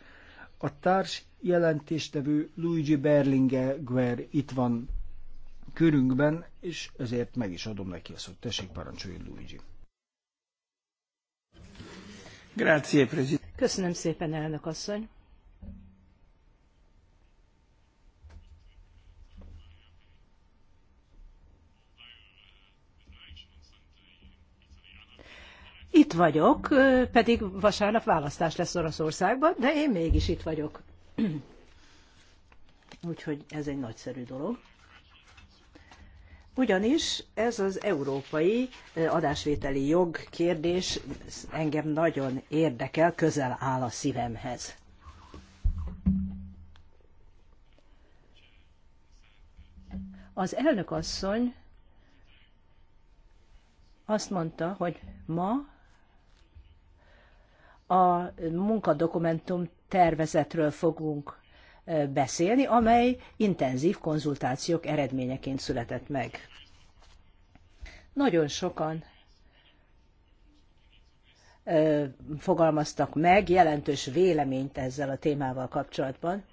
A társ jelentéstevő Luigi Berlinguer itt van körünkben, és ezért meg is adom neki a szót. Tessék, parancsoljon Luigi. Grazie, Köszönöm szépen, elnök asszony. Itt vagyok, pedig vasárnap választás lesz Oroszországban, de én mégis itt vagyok. Úgyhogy ez egy nagyszerű dolog. Ugyanis ez az európai adásvételi jog kérdés engem nagyon érdekel, közel áll a szívemhez. Az elnök asszony azt mondta, hogy ma a munkadokumentum tervezetről fogunk beszélni, amely intenzív konzultációk eredményeként született meg. Nagyon sokan fogalmaztak meg jelentős véleményt ezzel a témával kapcsolatban.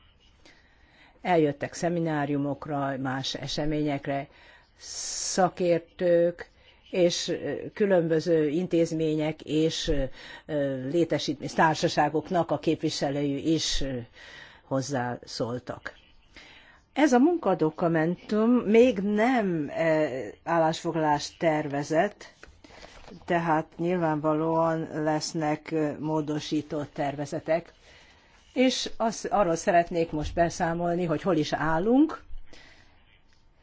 Eljöttek szemináriumokra, más eseményekre, szakértők, és különböző intézmények és létesítmény társaságoknak a képviselői is hozzászóltak. Ez a munkadokumentum még nem állásfoglalást tervezett, tehát nyilvánvalóan lesznek módosított tervezetek, és az, arról szeretnék most beszámolni, hogy hol is állunk,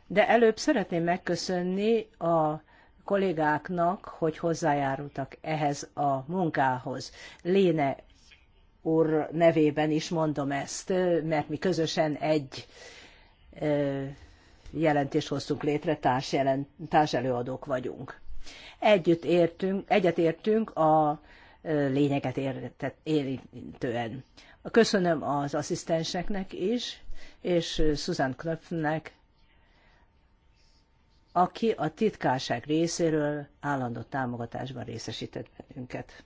de előbb szeretném megköszönni a kollégáknak, hogy hozzájárultak ehhez a munkához. Léne úr nevében is mondom ezt, mert mi közösen egy jelentést hoztunk létre, társ, jelent, társ előadók vagyunk. Együtt értünk, egyet értünk a lényeget érintően. Köszönöm az asszisztenseknek is, és Susan Knöpfnek aki a titkárság részéről állandó támogatásban részesített bennünket.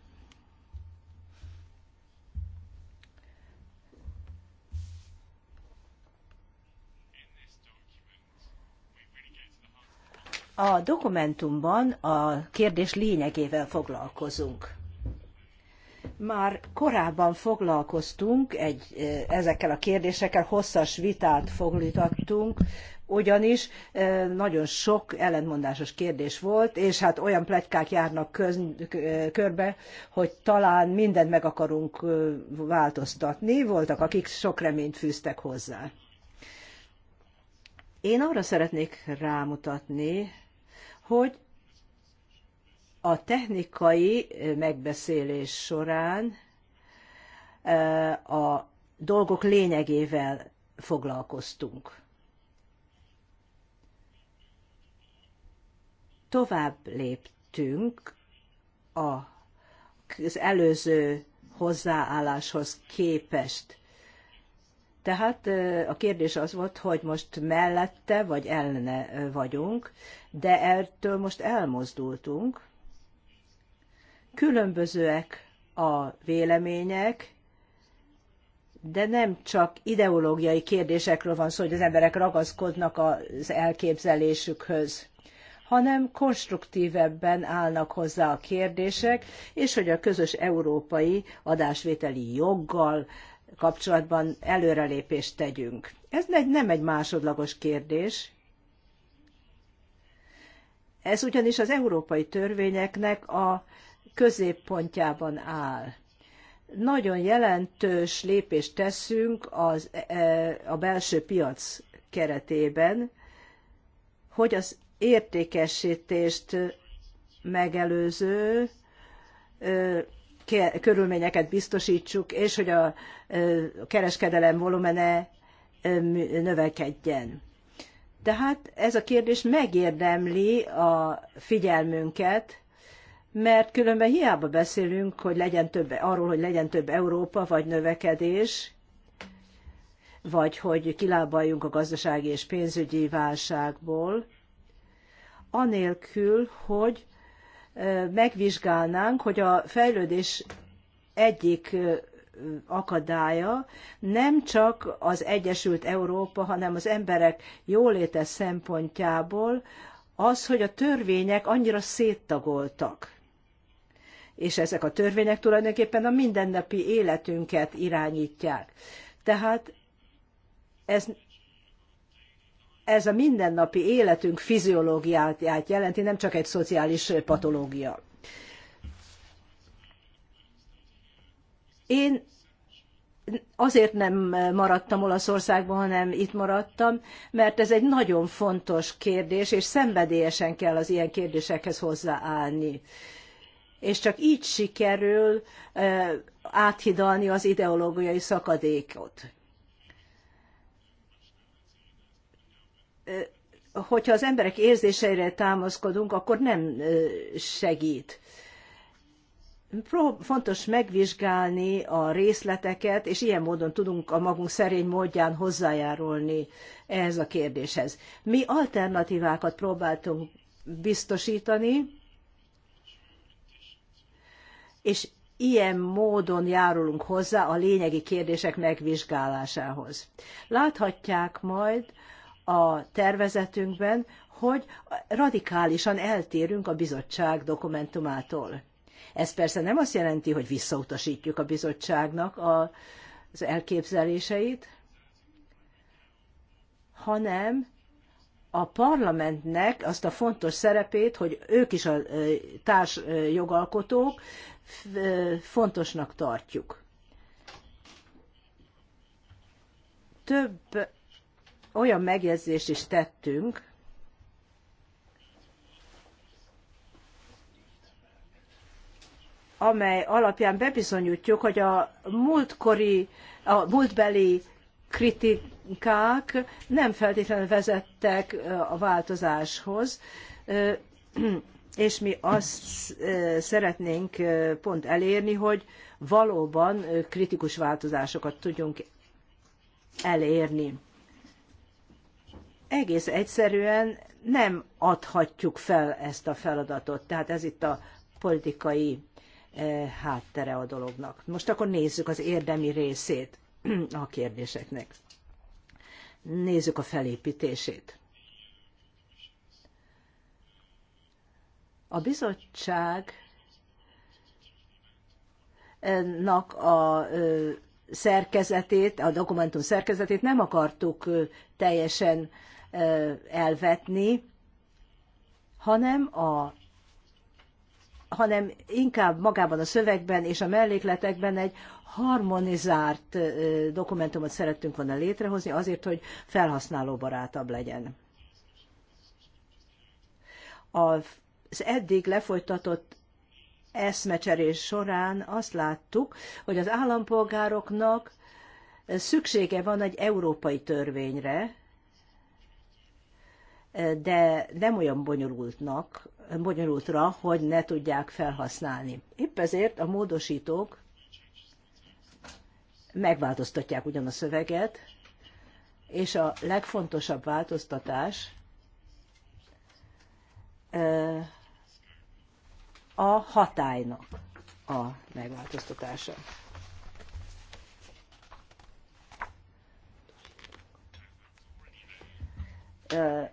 A dokumentumban a kérdés lényegével foglalkozunk. Már korábban foglalkoztunk egy, eh, ezekkel a kérdésekkel, hosszas vitát foglalkoztunk ugyanis nagyon sok ellentmondásos kérdés volt, és hát olyan plegykák járnak köz, körbe, hogy talán mindent meg akarunk változtatni. Voltak, akik sok reményt fűztek hozzá. Én arra szeretnék rámutatni, hogy a technikai megbeszélés során a dolgok lényegével foglalkoztunk. tovább léptünk a, az előző hozzáálláshoz képest. Tehát a kérdés az volt, hogy most mellette vagy ellene vagyunk, de ettől most elmozdultunk. Különbözőek a vélemények, de nem csak ideológiai kérdésekről van szó, hogy az emberek ragaszkodnak az elképzelésükhöz hanem konstruktívebben állnak hozzá a kérdések, és hogy a közös európai adásvételi joggal kapcsolatban előrelépést tegyünk. Ez nem egy másodlagos kérdés, ez ugyanis az európai törvényeknek a középpontjában áll. Nagyon jelentős lépést teszünk az, e, e, a belső piac keretében, hogy az értékesítést megelőző körülményeket biztosítsuk, és hogy a kereskedelem volumene növekedjen. Tehát ez a kérdés megérdemli a figyelmünket, mert különben hiába beszélünk, hogy legyen több, arról, hogy legyen több Európa, vagy növekedés, vagy hogy kilábaljunk a gazdasági és pénzügyi válságból, anélkül, hogy megvizsgálnánk, hogy a fejlődés egyik akadálya nem csak az Egyesült Európa, hanem az emberek jóléte szempontjából az, hogy a törvények annyira széttagoltak. És ezek a törvények tulajdonképpen a mindennapi életünket irányítják. Tehát ez ez a mindennapi életünk fiziológiáját jelenti, nem csak egy szociális patológia. Én azért nem maradtam Olaszországban, hanem itt maradtam, mert ez egy nagyon fontos kérdés, és szenvedélyesen kell az ilyen kérdésekhez hozzáállni. És csak így sikerül eh, áthidalni az ideológiai szakadékot. hogyha az emberek érzéseire támaszkodunk, akkor nem segít. Fontos megvizsgálni a részleteket, és ilyen módon tudunk a magunk szerény módján hozzájárulni ehhez a kérdéshez. Mi alternatívákat próbáltunk biztosítani, és ilyen módon járulunk hozzá a lényegi kérdések megvizsgálásához. Láthatják majd, a tervezetünkben, hogy radikálisan eltérünk a bizottság dokumentumától. Ez persze nem azt jelenti, hogy visszautasítjuk a bizottságnak a, az elképzeléseit, hanem a parlamentnek azt a fontos szerepét, hogy ők is a társ jogalkotók, fontosnak tartjuk. Több olyan megjegyzést is tettünk, amely alapján bebizonyítjuk, hogy a múltkori, a múltbeli kritikák nem feltétlenül vezettek a változáshoz, és mi azt szeretnénk pont elérni, hogy valóban kritikus változásokat tudjunk elérni egész egyszerűen nem adhatjuk fel ezt a feladatot. Tehát ez itt a politikai eh, háttere a dolognak. Most akkor nézzük az érdemi részét a kérdéseknek. Nézzük a felépítését. A bizottságnak eh, a eh, szerkezetét, a dokumentum szerkezetét nem akartuk teljesen elvetni, hanem a hanem inkább magában a szövegben és a mellékletekben egy harmonizált dokumentumot szerettünk volna létrehozni azért, hogy felhasználóbarátabb legyen. Az eddig lefolytatott eszmecserés során azt láttuk, hogy az állampolgároknak szüksége van egy európai törvényre, de nem olyan bonyolultnak, bonyolultra, hogy ne tudják felhasználni. Épp ezért a módosítók megváltoztatják ugyan a szöveget, és a legfontosabb változtatás a hatálynak a megváltoztatása. Uh,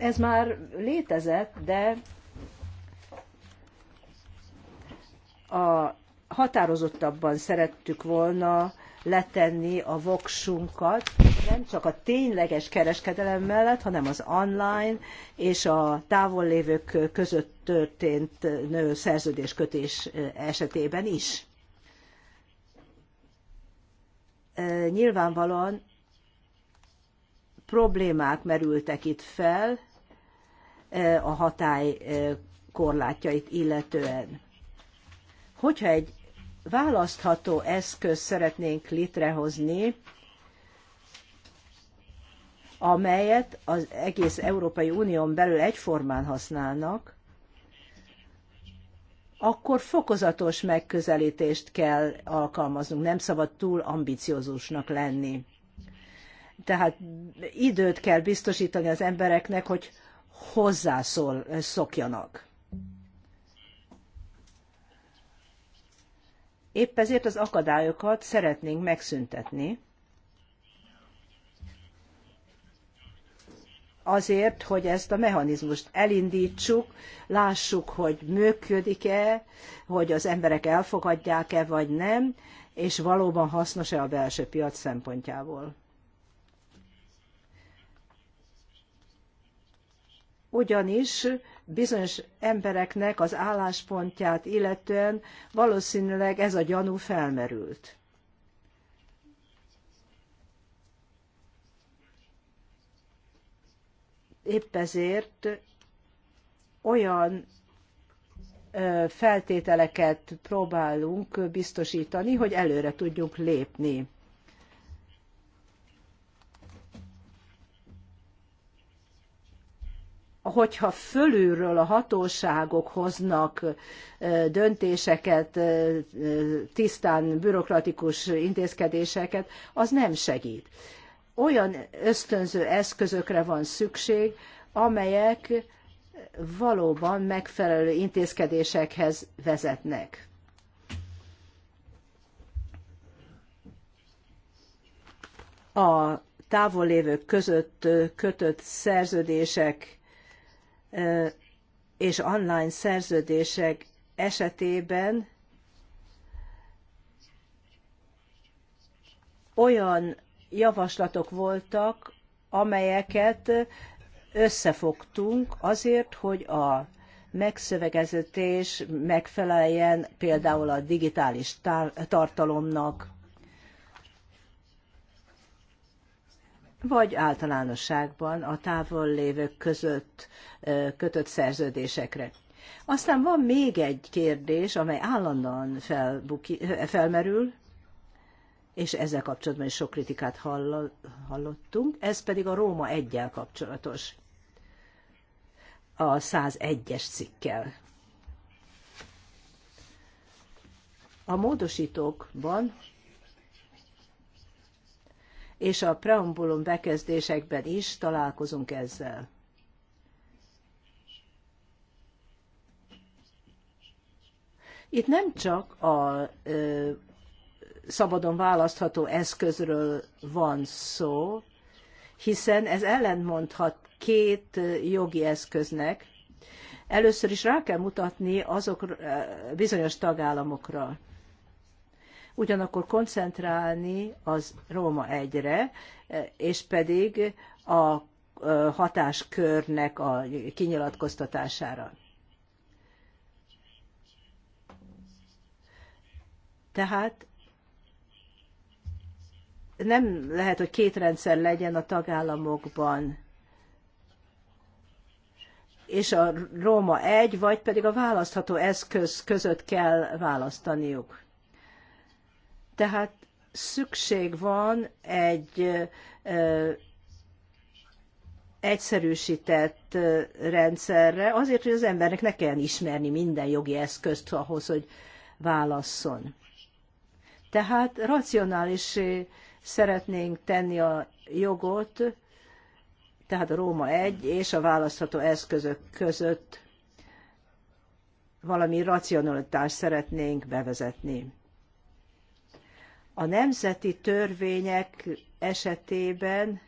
ez már létezett, de a határozottabban szerettük volna letenni a voksunkat, nem csak a tényleges kereskedelem mellett, hanem az online és a távollévők között történt szerződéskötés esetében is. E, nyilvánvalóan problémák merültek itt fel, Eh, a hatály eh, korlátjait illetően. Hogyha egy választható eszközt szeretnénk létrehozni, amelyet az egész Európai Unión belül egyformán használnak, akkor fokozatos megközelítést kell alkalmaznunk, nem szabad túl ambiciózusnak lenni. Tehát időt kell biztosítani az embereknek, hogy hozzászól eh, szokjanak. Épp ezért az akadályokat szeretnénk megszüntetni, azért, hogy ezt a mechanizmust elindítsuk, lássuk, hogy működik-e, hogy az emberek elfogadják-e vagy nem, és valóban hasznos-e a belső piac szempontjából. ugyanis bizonyos embereknek az álláspontját illetően valószínűleg ez a gyanú felmerült. Épp ezért olyan feltételeket próbálunk biztosítani, hogy előre tudjunk lépni hogyha fölülről a hatóságok hoznak döntéseket, tisztán bürokratikus intézkedéseket, az nem segít. Olyan ösztönző eszközökre van szükség, amelyek valóban megfelelő intézkedésekhez vezetnek. A távol lévők között kötött szerződések és online szerződések esetében olyan javaslatok voltak, amelyeket összefogtunk azért, hogy a megszövegezetés megfeleljen például a digitális tartalomnak, vagy általánosságban a távol lévők között kötött szerződésekre. Aztán van még egy kérdés, amely állandóan felbuki, felmerül, és ezzel kapcsolatban is sok kritikát hallottunk, ez pedig a Róma 1 kapcsolatos, a 101-es cikkel. A módosítókban és a preambulum bekezdésekben is találkozunk ezzel. Itt nem csak a ö, szabadon választható eszközről van szó, hiszen ez ellentmondhat két jogi eszköznek. Először is rá kell mutatni azok bizonyos tagállamokra, ugyanakkor koncentrálni az Róma egyre, és pedig a hatáskörnek a kinyilatkoztatására. Tehát nem lehet, hogy két rendszer legyen a tagállamokban, és a Róma egy, vagy pedig a választható eszköz között kell választaniuk. Tehát szükség van egy egyszerűsített rendszerre, azért, hogy az embernek ne kelljen ismerni minden jogi eszközt ahhoz, hogy válasszon. Tehát racionális szeretnénk tenni a jogot, tehát a Róma 1 és a választható eszközök között valami racionalitást szeretnénk bevezetni. A nemzeti törvények esetében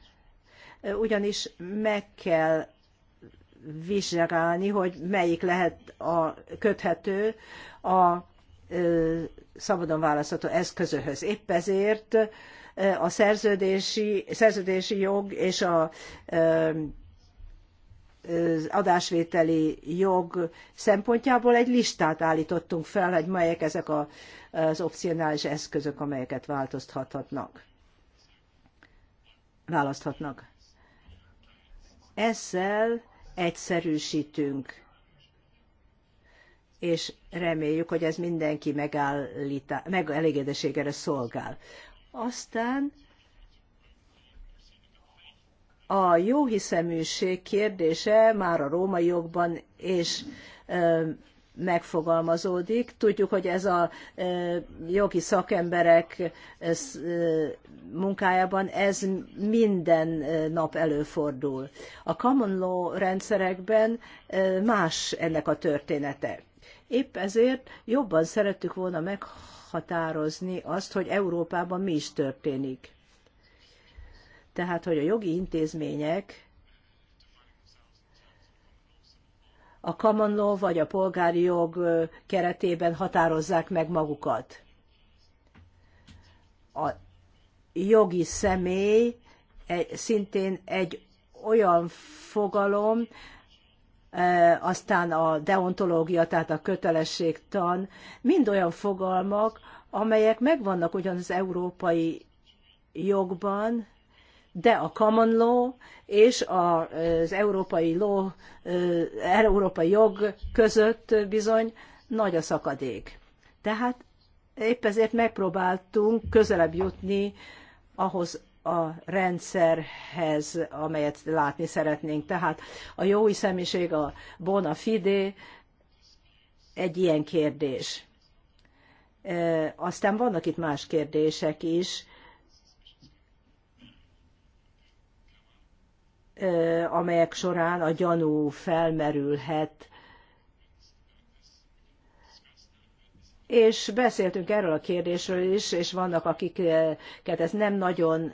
ugyanis meg kell vizsgálni, hogy melyik lehet a köthető a szabadon választható eszközöhöz. Épp ezért a szerződési, szerződési jog és a adásvételi jog szempontjából egy listát állítottunk fel, hogy melyek ezek a, az opcionális eszközök, amelyeket változtathatnak. Választhatnak. Ezzel egyszerűsítünk, és reméljük, hogy ez mindenki megelégedéségére szolgál. Aztán a jóhiszeműség kérdése már a római jogban és megfogalmazódik. Tudjuk, hogy ez a jogi szakemberek munkájában ez minden nap előfordul. A common law rendszerekben más ennek a története. Épp ezért jobban szerettük volna meghatározni azt, hogy Európában mi is történik. Tehát, hogy a jogi intézmények a common law vagy a polgári jog keretében határozzák meg magukat. A jogi személy e, szintén egy olyan fogalom, aztán a deontológia, tehát a kötelességtan, mind olyan fogalmak, amelyek megvannak ugyanaz európai jogban, de a common law és az európai, law, eh, európai jog között bizony nagy a szakadék. Tehát épp ezért megpróbáltunk közelebb jutni ahhoz a rendszerhez, amelyet látni szeretnénk. Tehát a jó hiszeműség, a bona fide egy ilyen kérdés. Eh, aztán vannak itt más kérdések is, amelyek során a gyanú felmerülhet. És beszéltünk erről a kérdésről is, és vannak, akiket ez nem nagyon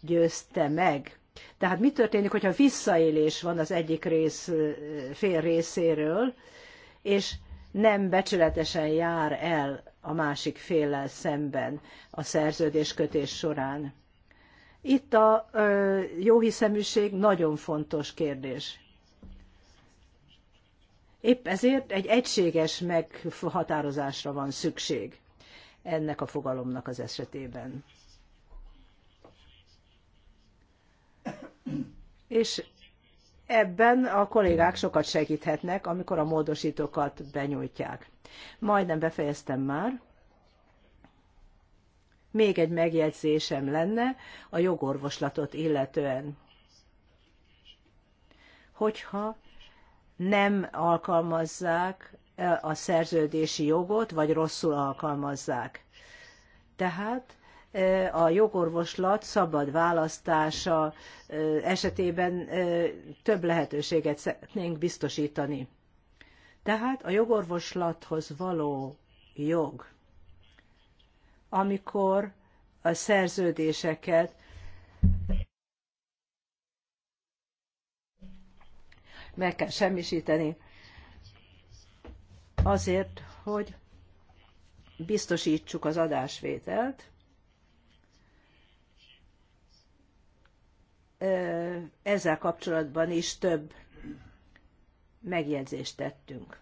győzte meg. Tehát mi történik, hogyha visszaélés van az egyik rész, fél részéről, és nem becsületesen jár el a másik féllel szemben a szerződéskötés során? Itt a jóhiszeműség nagyon fontos kérdés. Épp ezért egy egységes meghatározásra van szükség ennek a fogalomnak az esetében. És ebben a kollégák sokat segíthetnek, amikor a módosítókat benyújtják. Majdnem befejeztem már. Még egy megjegyzésem lenne a jogorvoslatot illetően. Hogyha nem alkalmazzák e, a szerződési jogot, vagy rosszul alkalmazzák. Tehát e, a jogorvoslat szabad választása e, esetében több lehetőséget szeretnénk biztosítani. Tehát a jogorvoslathoz való jog amikor a szerződéseket meg kell semmisíteni. Azért, hogy biztosítsuk az adásvételt, ezzel kapcsolatban is több megjegyzést tettünk.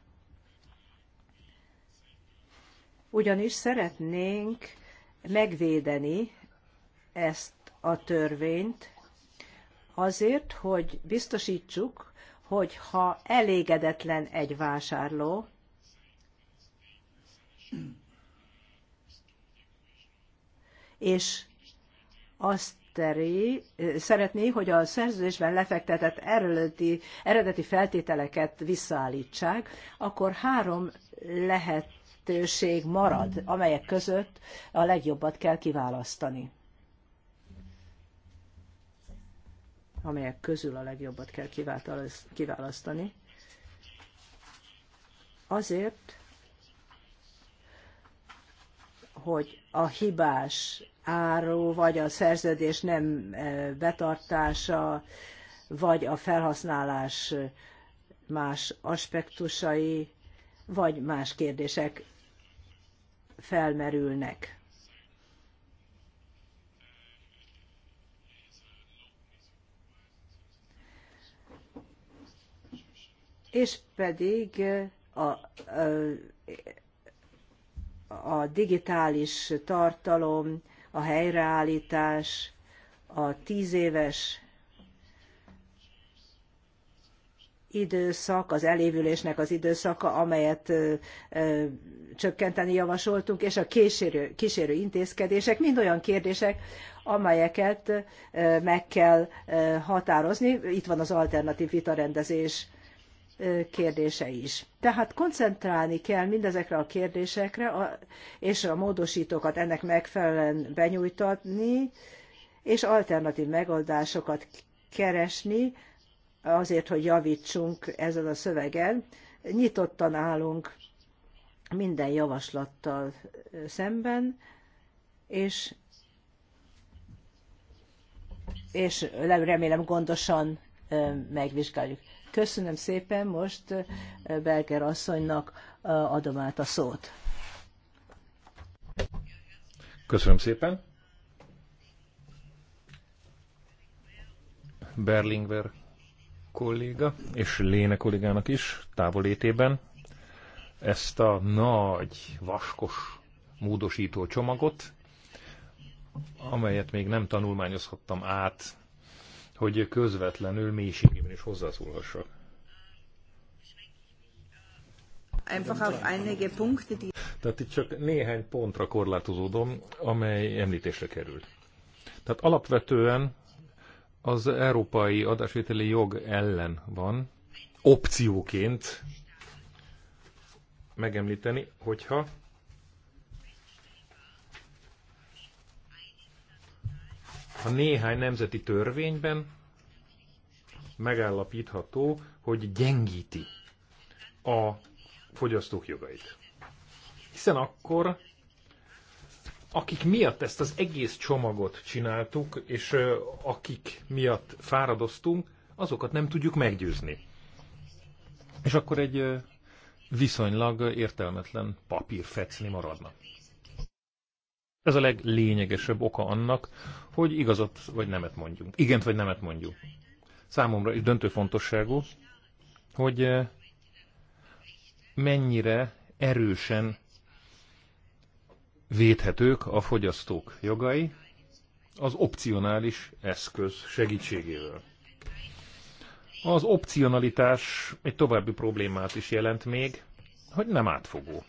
Ugyanis szeretnénk megvédeni ezt a törvényt azért, hogy biztosítsuk, hogy ha elégedetlen egy vásárló, és azt teri, szeretné, hogy a szerződésben lefektetett eredeti, eredeti feltételeket visszaállítsák, akkor három lehet lehetőség marad, amelyek között a legjobbat kell kiválasztani. Amelyek közül a legjobbat kell kiválasztani. Azért, hogy a hibás áru, vagy a szerződés nem e, betartása, vagy a felhasználás más aspektusai, vagy más kérdések felmerülnek. És pedig a, a, a digitális tartalom, a helyreállítás, a tíz éves időszak, az elévülésnek az időszaka, amelyet csökkenteni javasoltunk, és a kísérő, kísérő intézkedések mind olyan kérdések, amelyeket meg kell határozni. Itt van az alternatív vitarendezés kérdése is. Tehát koncentrálni kell mindezekre a kérdésekre, és a módosítókat ennek megfelelően benyújtani, és alternatív megoldásokat keresni, azért, hogy javítsunk ezen a szövegen. Nyitottan állunk minden javaslattal szemben, és, és remélem gondosan megvizsgáljuk. Köszönöm szépen, most Belger asszonynak adom át a szót. Köszönöm szépen. Berlingver kolléga, és Léne kollégának is távolétében ezt a nagy, vaskos módosító csomagot, amelyet még nem tanulmányozhattam át, hogy közvetlenül mélységében is hozzászólhassak. Tehát itt csak néhány pontra korlátozódom, amely említésre került. Tehát alapvetően az európai adásvételi jog ellen van, opcióként megemlíteni, hogyha a néhány nemzeti törvényben megállapítható, hogy gyengíti a fogyasztók jogait. Hiszen akkor akik miatt ezt az egész csomagot csináltuk, és akik miatt fáradoztunk, azokat nem tudjuk meggyőzni. És akkor egy viszonylag értelmetlen papírfecni maradna. Ez a leglényegesebb oka annak, hogy igazat vagy nemet mondjunk. Igent vagy nemet mondjunk. Számomra is döntő fontosságú, hogy mennyire erősen védhetők a fogyasztók jogai az opcionális eszköz segítségével. Az opcionalitás egy további problémát is jelent még, hogy nem átfogó.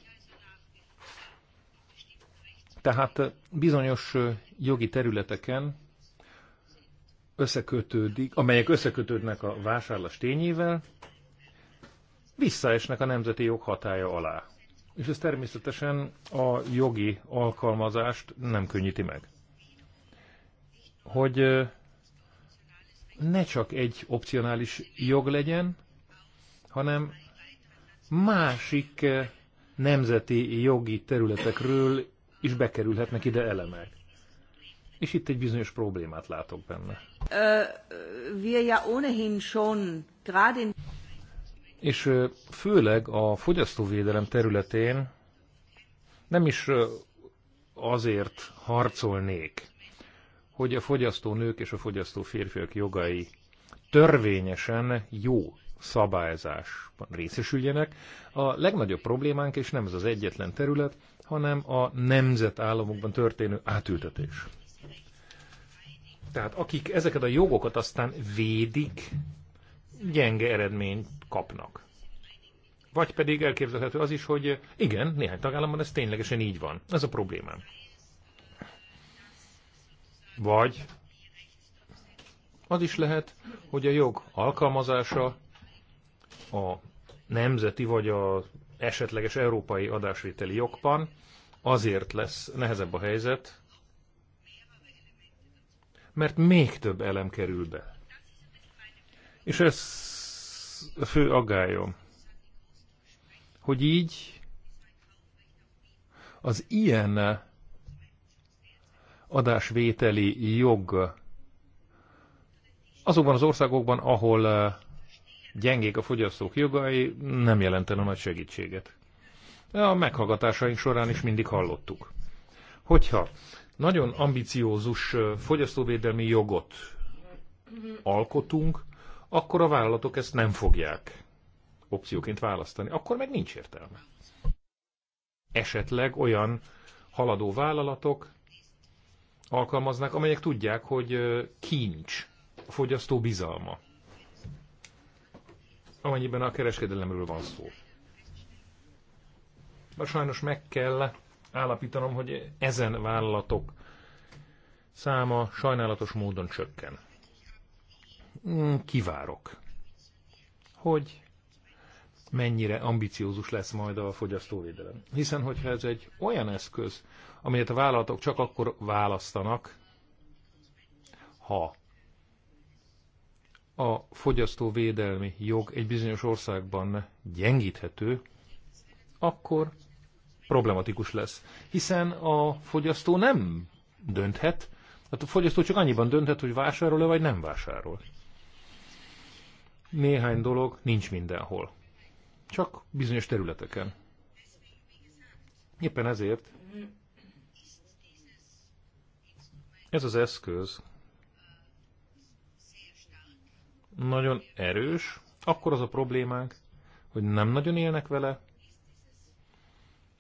Tehát bizonyos jogi területeken összekötődik, amelyek összekötődnek a vásárlás tényével, visszaesnek a nemzeti jog hatája alá és ez természetesen a jogi alkalmazást nem könnyíti meg. Hogy ne csak egy opcionális jog legyen, hanem másik nemzeti jogi területekről is bekerülhetnek ide elemek. És itt egy bizonyos problémát látok benne. Uh, wir ja ohnehin schon gerade in és főleg a fogyasztóvédelem területén nem is azért harcolnék, hogy a fogyasztó nők és a fogyasztó férfiak jogai törvényesen jó szabályzásban részesüljenek. A legnagyobb problémánk, és nem ez az egyetlen terület, hanem a nemzetállamokban történő átültetés. Tehát akik ezeket a jogokat aztán védik, gyenge eredményt kapnak. Vagy pedig elképzelhető az is, hogy igen, néhány tagállamban ez ténylegesen így van. Ez a problémám. Vagy az is lehet, hogy a jog alkalmazása a nemzeti vagy a esetleges európai adásvételi jogban azért lesz nehezebb a helyzet, mert még több elem kerül be. És ez a fő aggályom, hogy így az ilyen adásvételi jog azokban az országokban, ahol eh, gyengék a fogyasztók jogai, nem jelentene nagy segítséget. A meghallgatásaink során is mindig hallottuk. Hogyha nagyon ambiciózus eh, fogyasztóvédelmi jogot alkotunk, akkor a vállalatok ezt nem fogják opcióként választani. Akkor meg nincs értelme. Esetleg olyan haladó vállalatok alkalmaznak, amelyek tudják, hogy kincs a fogyasztó bizalma. Amennyiben a kereskedelemről van szó. De sajnos meg kell állapítanom, hogy ezen vállalatok száma sajnálatos módon csökken. Mm, kivárok, hogy mennyire ambiciózus lesz majd a fogyasztóvédelem. Hiszen, hogyha ez egy olyan eszköz, amelyet a vállalatok csak akkor választanak, ha a fogyasztóvédelmi jog egy bizonyos országban gyengíthető, akkor problematikus lesz. Hiszen a fogyasztó nem dönthet, hát a fogyasztó csak annyiban dönthet, hogy vásárol-e vagy nem vásárol néhány dolog nincs mindenhol. Csak bizonyos területeken. Éppen ezért ez az eszköz nagyon erős, akkor az a problémánk, hogy nem nagyon élnek vele,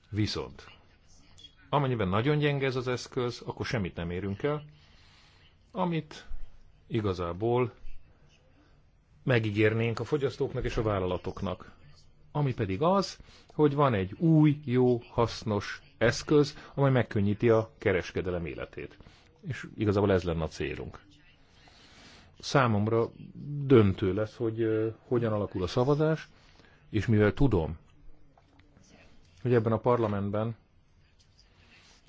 viszont amennyiben nagyon gyenge ez az eszköz, akkor semmit nem érünk el, amit igazából megígérnénk a fogyasztóknak és a vállalatoknak. Ami pedig az, hogy van egy új, jó, hasznos eszköz, amely megkönnyíti a kereskedelem életét. És igazából ez lenne a célunk. Számomra döntő lesz, hogy hogyan alakul a szavazás, és mivel tudom, hogy ebben a parlamentben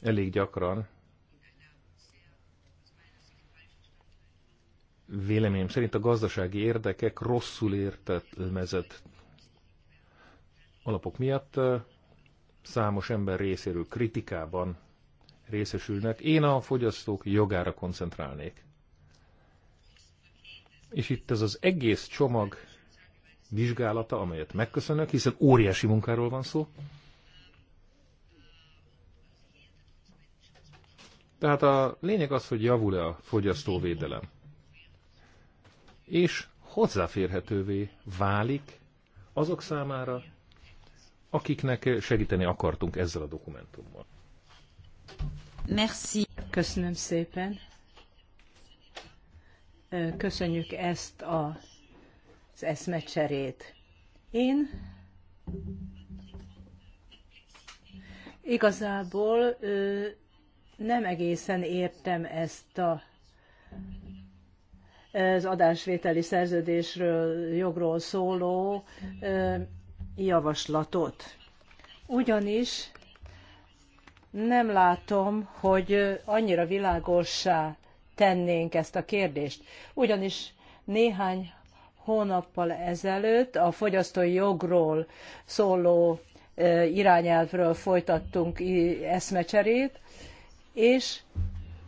elég gyakran Véleményem szerint a gazdasági érdekek rosszul értelmezett alapok miatt számos ember részéről kritikában részesülnek. Én a fogyasztók jogára koncentrálnék. És itt ez az egész csomag vizsgálata, amelyet megköszönök, hiszen óriási munkáról van szó. Tehát a lényeg az, hogy javul-e a fogyasztóvédelem és hozzáférhetővé válik azok számára, akiknek segíteni akartunk ezzel a dokumentummal. Merci. Köszönöm szépen. Köszönjük ezt a, az eszmecserét. Én igazából nem egészen értem ezt a az adásvételi szerződésről, jogról szóló javaslatot. Ugyanis nem látom, hogy annyira világossá tennénk ezt a kérdést. Ugyanis néhány hónappal ezelőtt a fogyasztói jogról szóló irányelvről folytattunk eszmecserét, és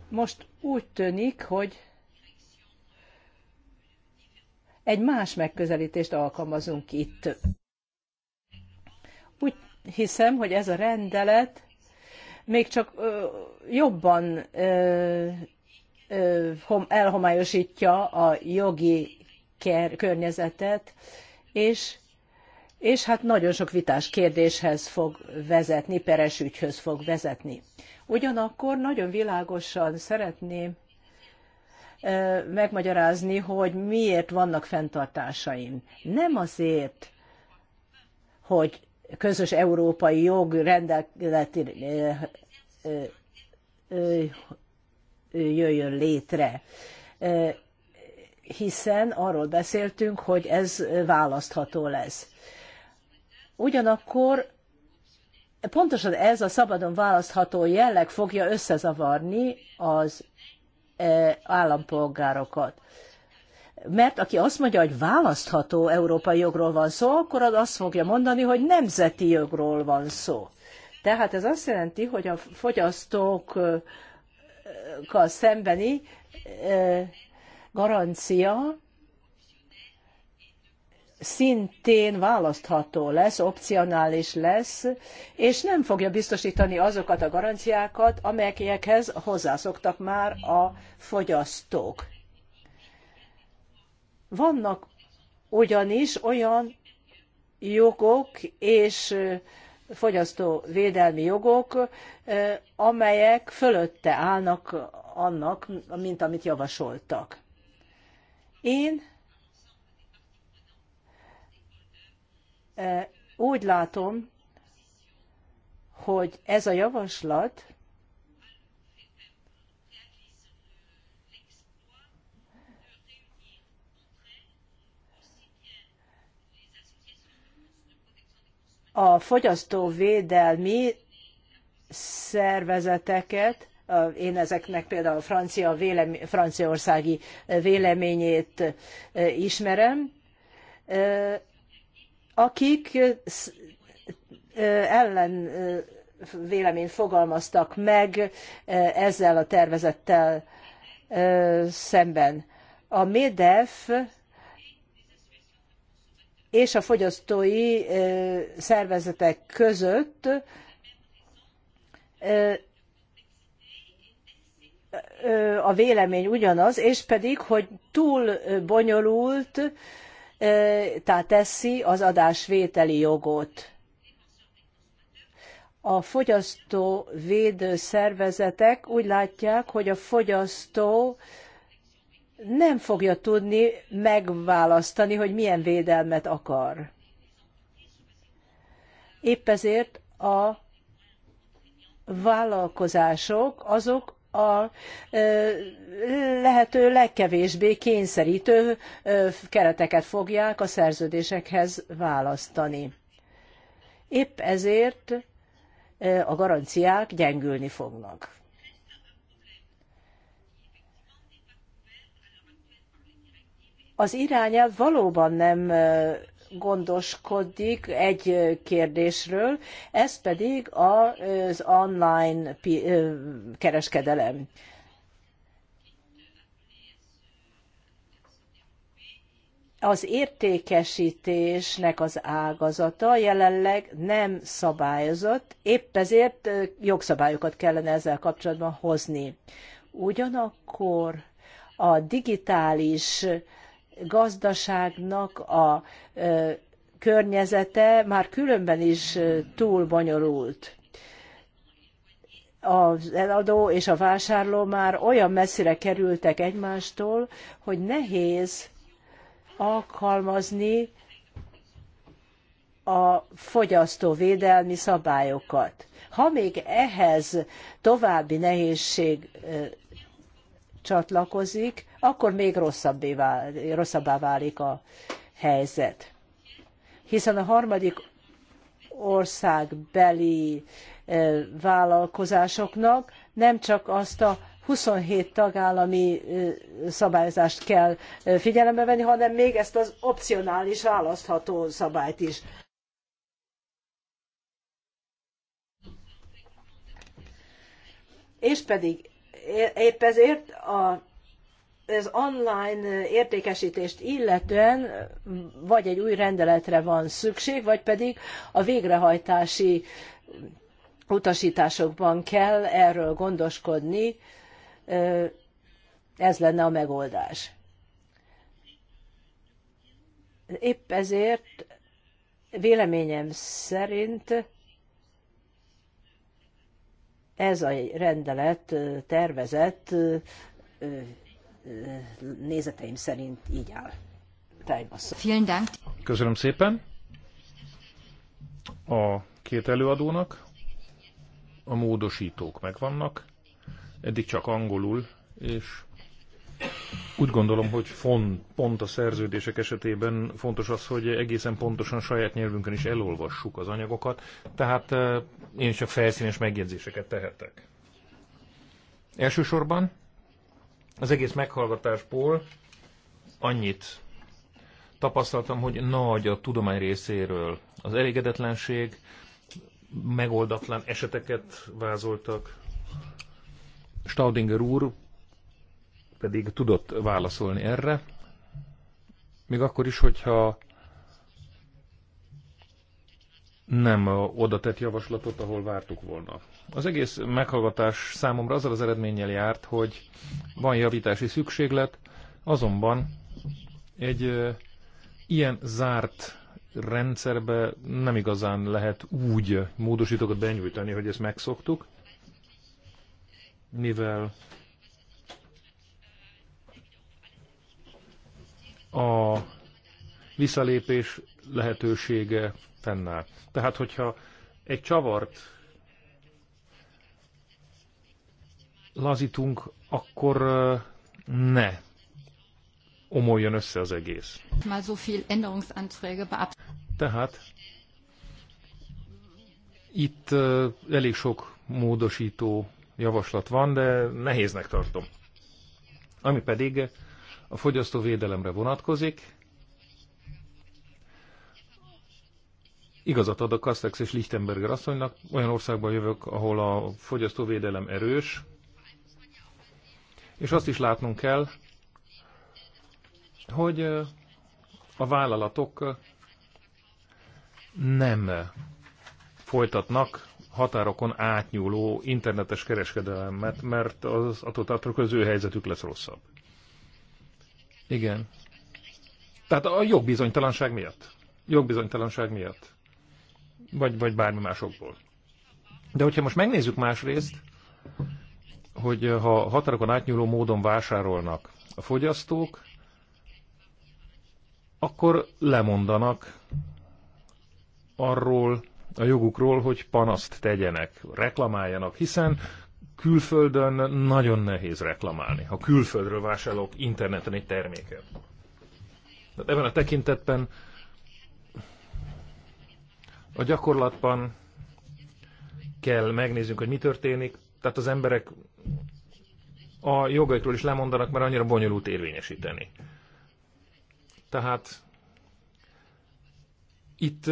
most úgy tűnik, hogy egy más megközelítést alkalmazunk itt. Úgy hiszem, hogy ez a rendelet még csak jobban elhomályosítja a jogi környezetet, és, és hát nagyon sok vitás kérdéshez fog vezetni, peres ügyhöz fog vezetni. Ugyanakkor nagyon világosan szeretném megmagyarázni, hogy miért vannak fenntartásaim. Nem azért, hogy közös európai jog rendeleti jöjjön létre. Hiszen arról beszéltünk, hogy ez választható lesz. Ugyanakkor pontosan ez a szabadon választható jelleg fogja összezavarni az állampolgárokat. Mert aki azt mondja, hogy választható európai jogról van szó, akkor az azt fogja mondani, hogy nemzeti jogról van szó. Tehát ez azt jelenti, hogy a fogyasztókkal szembeni garancia szintén választható lesz, opcionális lesz, és nem fogja biztosítani azokat a garanciákat, amelyekhez hozzászoktak már a fogyasztók. Vannak ugyanis olyan jogok és fogyasztóvédelmi jogok, amelyek fölötte állnak annak, mint amit javasoltak. Én Úgy látom, hogy ez a javaslat a fogyasztóvédelmi szervezeteket, én ezeknek például a francia vélemény, franciaországi véleményét ismerem, akik ellen vélemény fogalmaztak meg ezzel a tervezettel szemben. A MEDEF és a fogyasztói szervezetek között a vélemény ugyanaz, és pedig, hogy túl bonyolult, tehát teszi az adásvételi jogot. A fogyasztó szervezetek úgy látják, hogy a fogyasztó nem fogja tudni megválasztani, hogy milyen védelmet akar. Épp ezért a vállalkozások azok, a lehető legkevésbé kényszerítő kereteket fogják a szerződésekhez választani. Épp ezért a garanciák gyengülni fognak. Az irányelv valóban nem gondoskodik egy kérdésről, ez pedig az online kereskedelem. az értékesítésnek az ágazata jelenleg nem szabályozott, épp ezért jogszabályokat kellene ezzel kapcsolatban hozni. Ugyanakkor a digitális gazdaságnak a környezete már különben is túl bonyolult. Az eladó és a vásárló már olyan messzire kerültek egymástól, hogy nehéz alkalmazni a fogyasztóvédelmi szabályokat. Ha még ehhez további nehézség csatlakozik, akkor még rosszabbé vál, rosszabbá válik a helyzet. Hiszen a harmadik országbeli e, vállalkozásoknak nem csak azt a 27 tagállami e, szabályozást kell e, figyelembe venni, hanem még ezt az opcionális választható szabályt is. És pedig épp ezért a az online értékesítést illetően vagy egy új rendeletre van szükség, vagy pedig a végrehajtási utasításokban kell erről gondoskodni, ez lenne a megoldás. Épp ezért véleményem szerint ez a rendelet tervezett nézeteim szerint így áll. Tejbasszó. Köszönöm szépen a két előadónak. A módosítók megvannak. Eddig csak angolul, és úgy gondolom, hogy font, pont a szerződések esetében fontos az, hogy egészen pontosan saját nyelvünkön is elolvassuk az anyagokat, tehát eh, én is a felszínes megjegyzéseket tehetek. Elsősorban az egész meghallgatásból annyit tapasztaltam, hogy nagy a tudomány részéről az elégedetlenség, megoldatlan eseteket vázoltak. Staudinger úr pedig tudott válaszolni erre, még akkor is, hogyha nem oda tett javaslatot, ahol vártuk volna. Az egész meghallgatás számomra azzal az eredménnyel járt, hogy van javítási szükséglet, azonban egy ilyen zárt rendszerbe nem igazán lehet úgy módosítókat benyújtani, hogy ezt megszoktuk, mivel a visszalépés lehetősége fennáll. Tehát, hogyha egy csavart lazítunk, akkor ne omoljon össze az egész. Tehát itt elég sok módosító javaslat van, de nehéznek tartom. Ami pedig a fogyasztóvédelemre vonatkozik, Igazat ad a Kastex és Lichtenberger asszonynak, olyan országban jövök, ahol a fogyasztóvédelem erős, és azt is látnunk kell, hogy a vállalatok nem folytatnak határokon átnyúló internetes kereskedelmet, mert az attól az ő helyzetük lesz rosszabb. Igen. Tehát a jogbizonytalanság miatt. Jogbizonytalanság miatt vagy, vagy bármi másokból. De hogyha most megnézzük másrészt, hogy eh, ha határokon átnyúló módon vásárolnak a fogyasztók, akkor lemondanak arról a jogukról, hogy panaszt tegyenek, reklamáljanak, hiszen külföldön nagyon nehéz reklamálni, ha külföldről vásárolok interneten egy terméket. Tehát ebben a tekintetben a gyakorlatban kell megnézzünk, hogy mi történik. Tehát az emberek a jogaikról is lemondanak, mert annyira bonyolult érvényesíteni. Tehát itt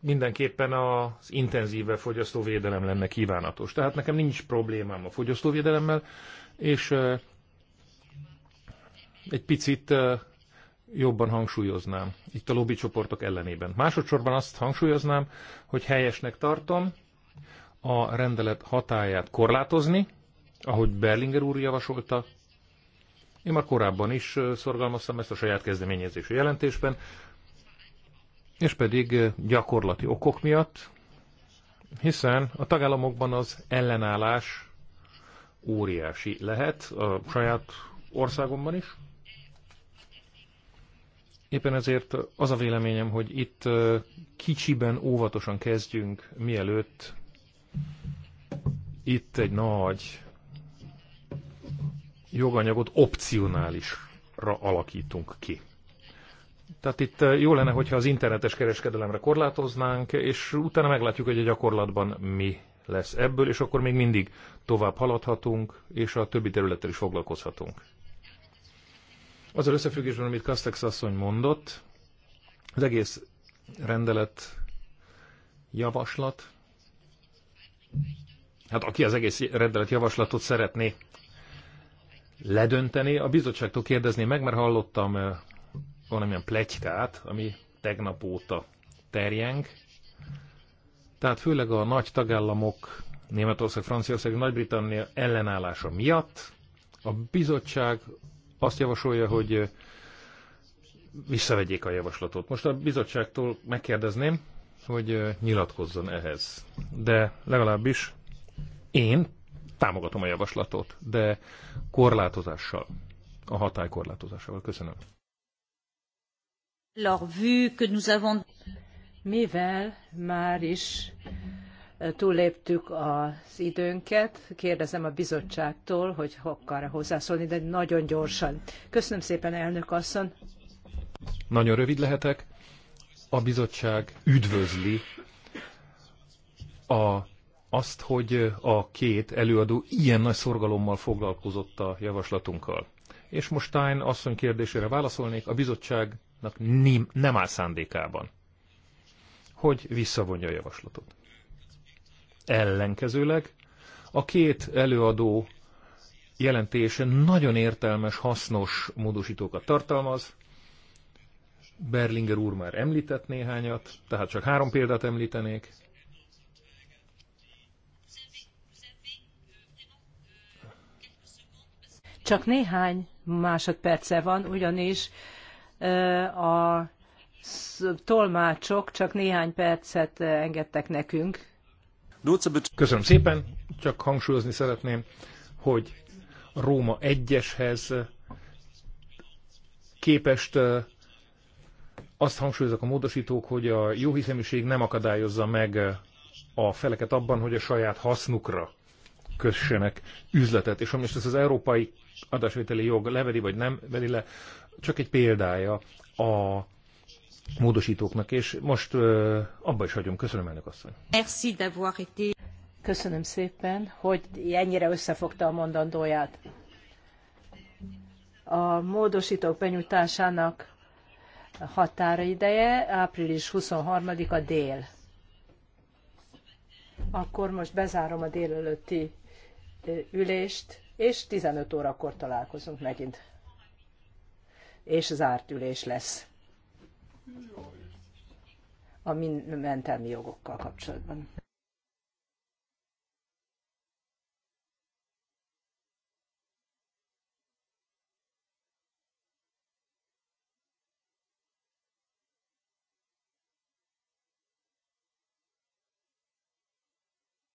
mindenképpen az intenzíve fogyasztóvédelem lenne kívánatos. Tehát nekem nincs problémám a fogyasztóvédelemmel, és egy picit jobban hangsúlyoznám, itt a csoportok ellenében. Másodszorban azt hangsúlyoznám, hogy helyesnek tartom a rendelet hatáját korlátozni, ahogy Berlinger úr javasolta. Én már korábban is szorgalmaztam ezt a saját kezdeményezésű jelentésben, és pedig gyakorlati okok miatt, hiszen a tagállamokban az ellenállás óriási lehet, a saját országomban is, Éppen ezért az a véleményem, hogy itt kicsiben óvatosan kezdjünk, mielőtt itt egy nagy joganyagot opcionálisra alakítunk ki. Tehát itt jó lenne, hogyha az internetes kereskedelemre korlátoznánk, és utána meglátjuk, hogy a gyakorlatban mi lesz ebből, és akkor még mindig tovább haladhatunk, és a többi területtel is foglalkozhatunk. Az összefüggésben, amit Kastex asszony mondott, az egész rendelet javaslat, hát aki az egész rendelet javaslatot szeretné ledönteni, a bizottságtól kérdezni meg, mert hallottam eh, valamilyen plegykát, ami tegnap óta terjeng. Tehát főleg a nagy tagállamok, Németország, Franciaország, Nagy-Britannia ellenállása miatt a bizottság azt javasolja, hogy visszavegyék a javaslatot. Most a bizottságtól megkérdezném, hogy nyilatkozzon ehhez. De legalábbis én támogatom a javaslatot, de korlátozással, a hatály korlátozásával. Köszönöm. Mivel már is túlléptük az időnket. Kérdezem a bizottságtól, hogy akar hozzászólni, de nagyon gyorsan. Köszönöm szépen, elnök asszony. Nagyon rövid lehetek. A bizottság üdvözli a, azt, hogy a két előadó ilyen nagy szorgalommal foglalkozott a javaslatunkkal. És most Stein asszony kérdésére válaszolnék, a bizottságnak nem, nem áll szándékában, hogy visszavonja a javaslatot. Ellenkezőleg a két előadó jelentése nagyon értelmes, hasznos módosítókat tartalmaz. Berlinger úr már említett néhányat, tehát csak három példát említenék. Csak néhány másodperce van, ugyanis a tolmácsok csak néhány percet engedtek nekünk, Köszönöm szépen, csak hangsúlyozni szeretném, hogy Róma 1-eshez képest azt hangsúlyozok a módosítók, hogy a jóhiszeműség nem akadályozza meg a feleket abban, hogy a saját hasznukra kössenek üzletet. És ha most ez az európai adásvételi jog leveri vagy nem veri le, csak egy példája a módosítóknak, és most uh, abba is hagyom. Köszönöm, elnök asszony. Merci d'avoir été. Köszönöm szépen, hogy ennyire összefogta a mondandóját. A módosítók benyújtásának határideje április 23-a dél. Akkor most bezárom a délelőtti ülést, és 15 órakor találkozunk megint. És zárt ülés lesz a mentelmi jogokkal kapcsolatban.